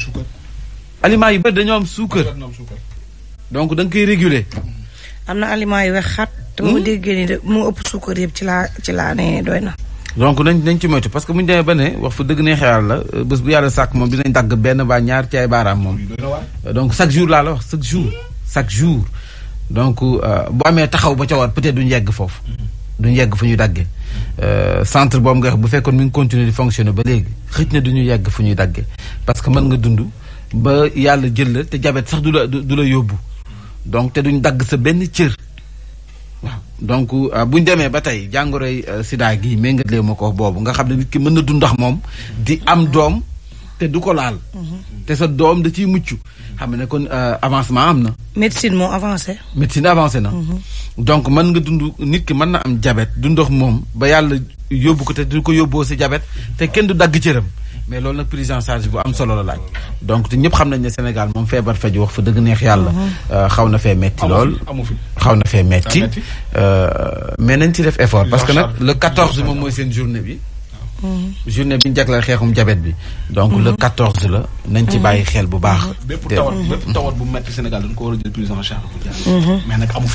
am yu bëri dañoo am suukar. donc da koy réguler. Mm-hmm. am na aliment yi wex xat. te bu ma hmm? déggee nii de mu ëpp suukar yëpp ci laa ci ne doy na. donc nañ nañ ci moytu parce que bu ñu demee ba ne wax fa dëgg neexee la euh, bés bu yàlla sàkk moom dinañ dagg benn ba ñaar ci ay baaraam moom. Euh, donc chaque jour laa la wax chaque jour. chaque jour donc euh, bu amee taxaw ba ca war peut-être duñ yegg foofu. duñ yegg fu ñuy daggee. centre boobu nga wax bu fekkoon mi ngi continuer di fonctionner ba léegi xëj na duñu yegg fu ñuy daggee parce que mën nga dund ba yàlla jël la te jabet sax du la du la yóbbu. donc te duñ dagg sa benn cër waaw donc euh, buñ demee ba tey jàngoroy euh, gi gii nga ma ko boobu nga xam ne nit ki mën na ndax moom di am doom te du ko laal. te sa doom da ciy mucc. xam kon euh, avancement am na. médecine moo avancé. médecine avancé na. Mhm. donc mën nga dund nit ki mën na am jabet dundox moom ba yàlla yóbbu ko te du ko yóbboo si jabet te kenn du dagg cëram. mais loolu nag prise en charge bu am solo la laaj donc te ñëpp xam nañ ne Sénégal moom feebar faju wax fa dëgg neex yàlla. Mhm. Euh, xaw na fee metti lool xaw na fee metti euh, mais nañ ci def effort. parce que nag le 14 moom mooy seen journée journée bi ñu jagleel xeexum jabet bi. donc le mhm. quatorze la. nañ ci mhm. bàyyi xel bu baax. Mhm. bépp tawat bépp bu metti Sénégal ko a jël prise en charge. mais nag amu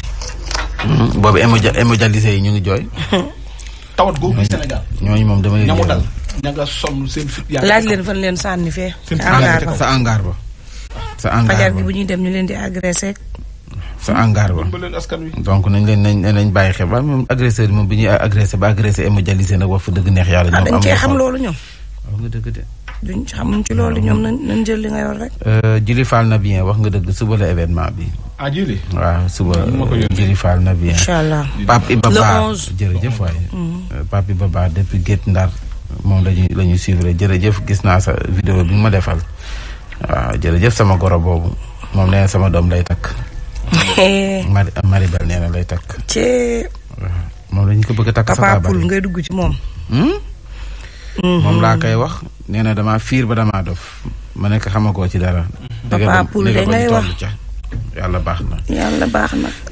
boobu émédia émédialisé yi ñu ngi jooy. tawat googu ñooñu moom dama leen ñamu dal ña nga sonn seen fit laaj leen fan leen sànni fee. sa angaar ba sa angaar ba. bu ñuy dem ñu leen di agressé. sa hangar ba donc nañ leen nañ nañ bàyyi xel waaye moom agresseur moom bi ñuy agressé ba agressé hémodialysé nag wax fa dëgg neex yàlla. Ah, ñoom am dëgg de. duñ xam ci loolu ñoom nañ jël li nga yor rek. Euh, Jili Fall na wax nga dëgg suba la bi. Ah, waaw suba Jili Fall na bien. incha allah Pape Iba Ba jërëjëf waay. Mm-hmm. Euh, Pape Iba Ba depuis Guet Ndar moom lañuy la ñuy suivre jërëjëf gis naa sa vidéo bi ma defal waaw jërëjëf sama goro boobu moom nee sama doom lay takk. mari mari bal nee na lay takk. cee. moom lañu ko bëgg a takk sa papa dugg ci moom. Hmm? Hmm. moom laa koy wax nee na damaa fiir ba damaa dof ma nekk xamagoo ci dara. papa poul de ngay yàlla baax na. yàlla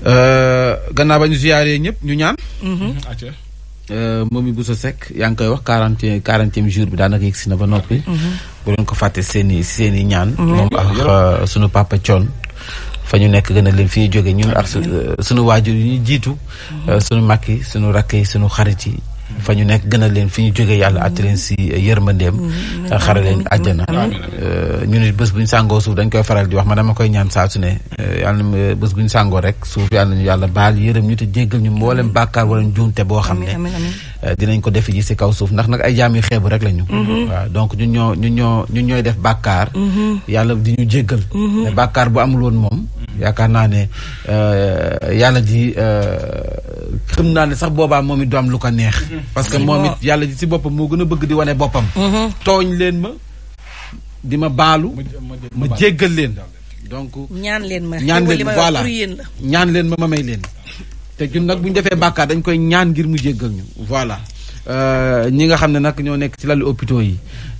euh, ba ñu ziyaaree ñëpp ñu ñaan. Mm-hmm. Mm-hmm. Euh, moom i Bousso Seck yaa koy wax quarante quarantième jour bi daanaka yegg na ba noppi. Mm-hmm. bu leen ko fàtte seen seen i ñaan. moom ak euh, sunu papa Thion. fa ñu nekk gën a leen fi jóge ñun ak su euh, suñu waajur yi ñu jiitu mhm. euh, suñu mag yi suñu rakk yi suñu xarit yi mhm. fa ñu nekk gën a leen fi ñu jógee yàlla àtte leen si euh, yërmandeem mhm. xare leen àjjana ñu nit bés bu ñu sàngoo suuf dañ koy faral di wax ma dama koy ñaan saa su ne yàlla na bés bu ñu sàngoo rek suuf yàlla ñu yàlla baal yërëm ñu te jéggal ñu mboolem bàkkaar wala njuumte boo xam ne Euh, dinañ ko defi ji si kaw suuf ndax nag ay jaam yu xeebu rek lañu. Mhm. waaw donc ñun ñoo ñu ñoo ñun ñooy def bàkkaar. Mhm. yàlla di ñu jéggal. Mhm. bàkkaar bu amul woon moom. yaakaar naa ne euh, yàlla ji euh, xam naa ne sax boobaa moom it du am lu ko neex. parce que moom it yàlla ji si boppam moo gën a bëgg di wane boppam. tooñ leen ma di ma baalu. ma jéggal leen. donc ñaan leen ma voilà ñaan leen ma ma may leen. te ñun nag bu ñu defee bàkkaar dañ koy ñaan ngir mu jéggal ñu voilà euh, ñi nga xam ne nag ñoo nekk ci lalu hôpitaux yi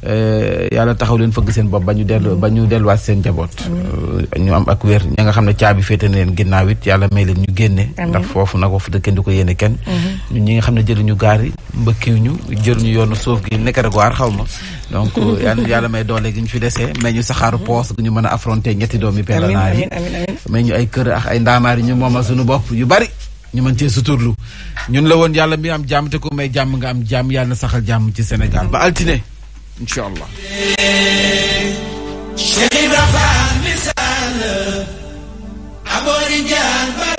euh, yàlla taxaw leen fëgg seen bopp ba ñu dellu ba ñu delluwaat seen njaboot. Euh, ñu am ak wér ña nga xam ne caabi féete na leen ginnaaw it yàlla may leen ñu génne. ndax foofu nag wax dëgg kenn du ko yéene kenn. ñun ñi nga xam ne jëluñu gaar yi ñu jëluñu yoon suuf gi nekk rek waar xaw ma. donc yàlla may doole gi ñu fi desee may ñu saxaaru poos gu ñu mën a affronter ñetti doomi yi may ñu ay kër ak ay ndaamaar yi ñu moomal suñu bopp yu bari ñu mën cee suturlu ñun la woon yàlla mi am jàmm te ko may jàmm nga am jàmm yàlla saxal jàmm ci senegal ba altine incha allah.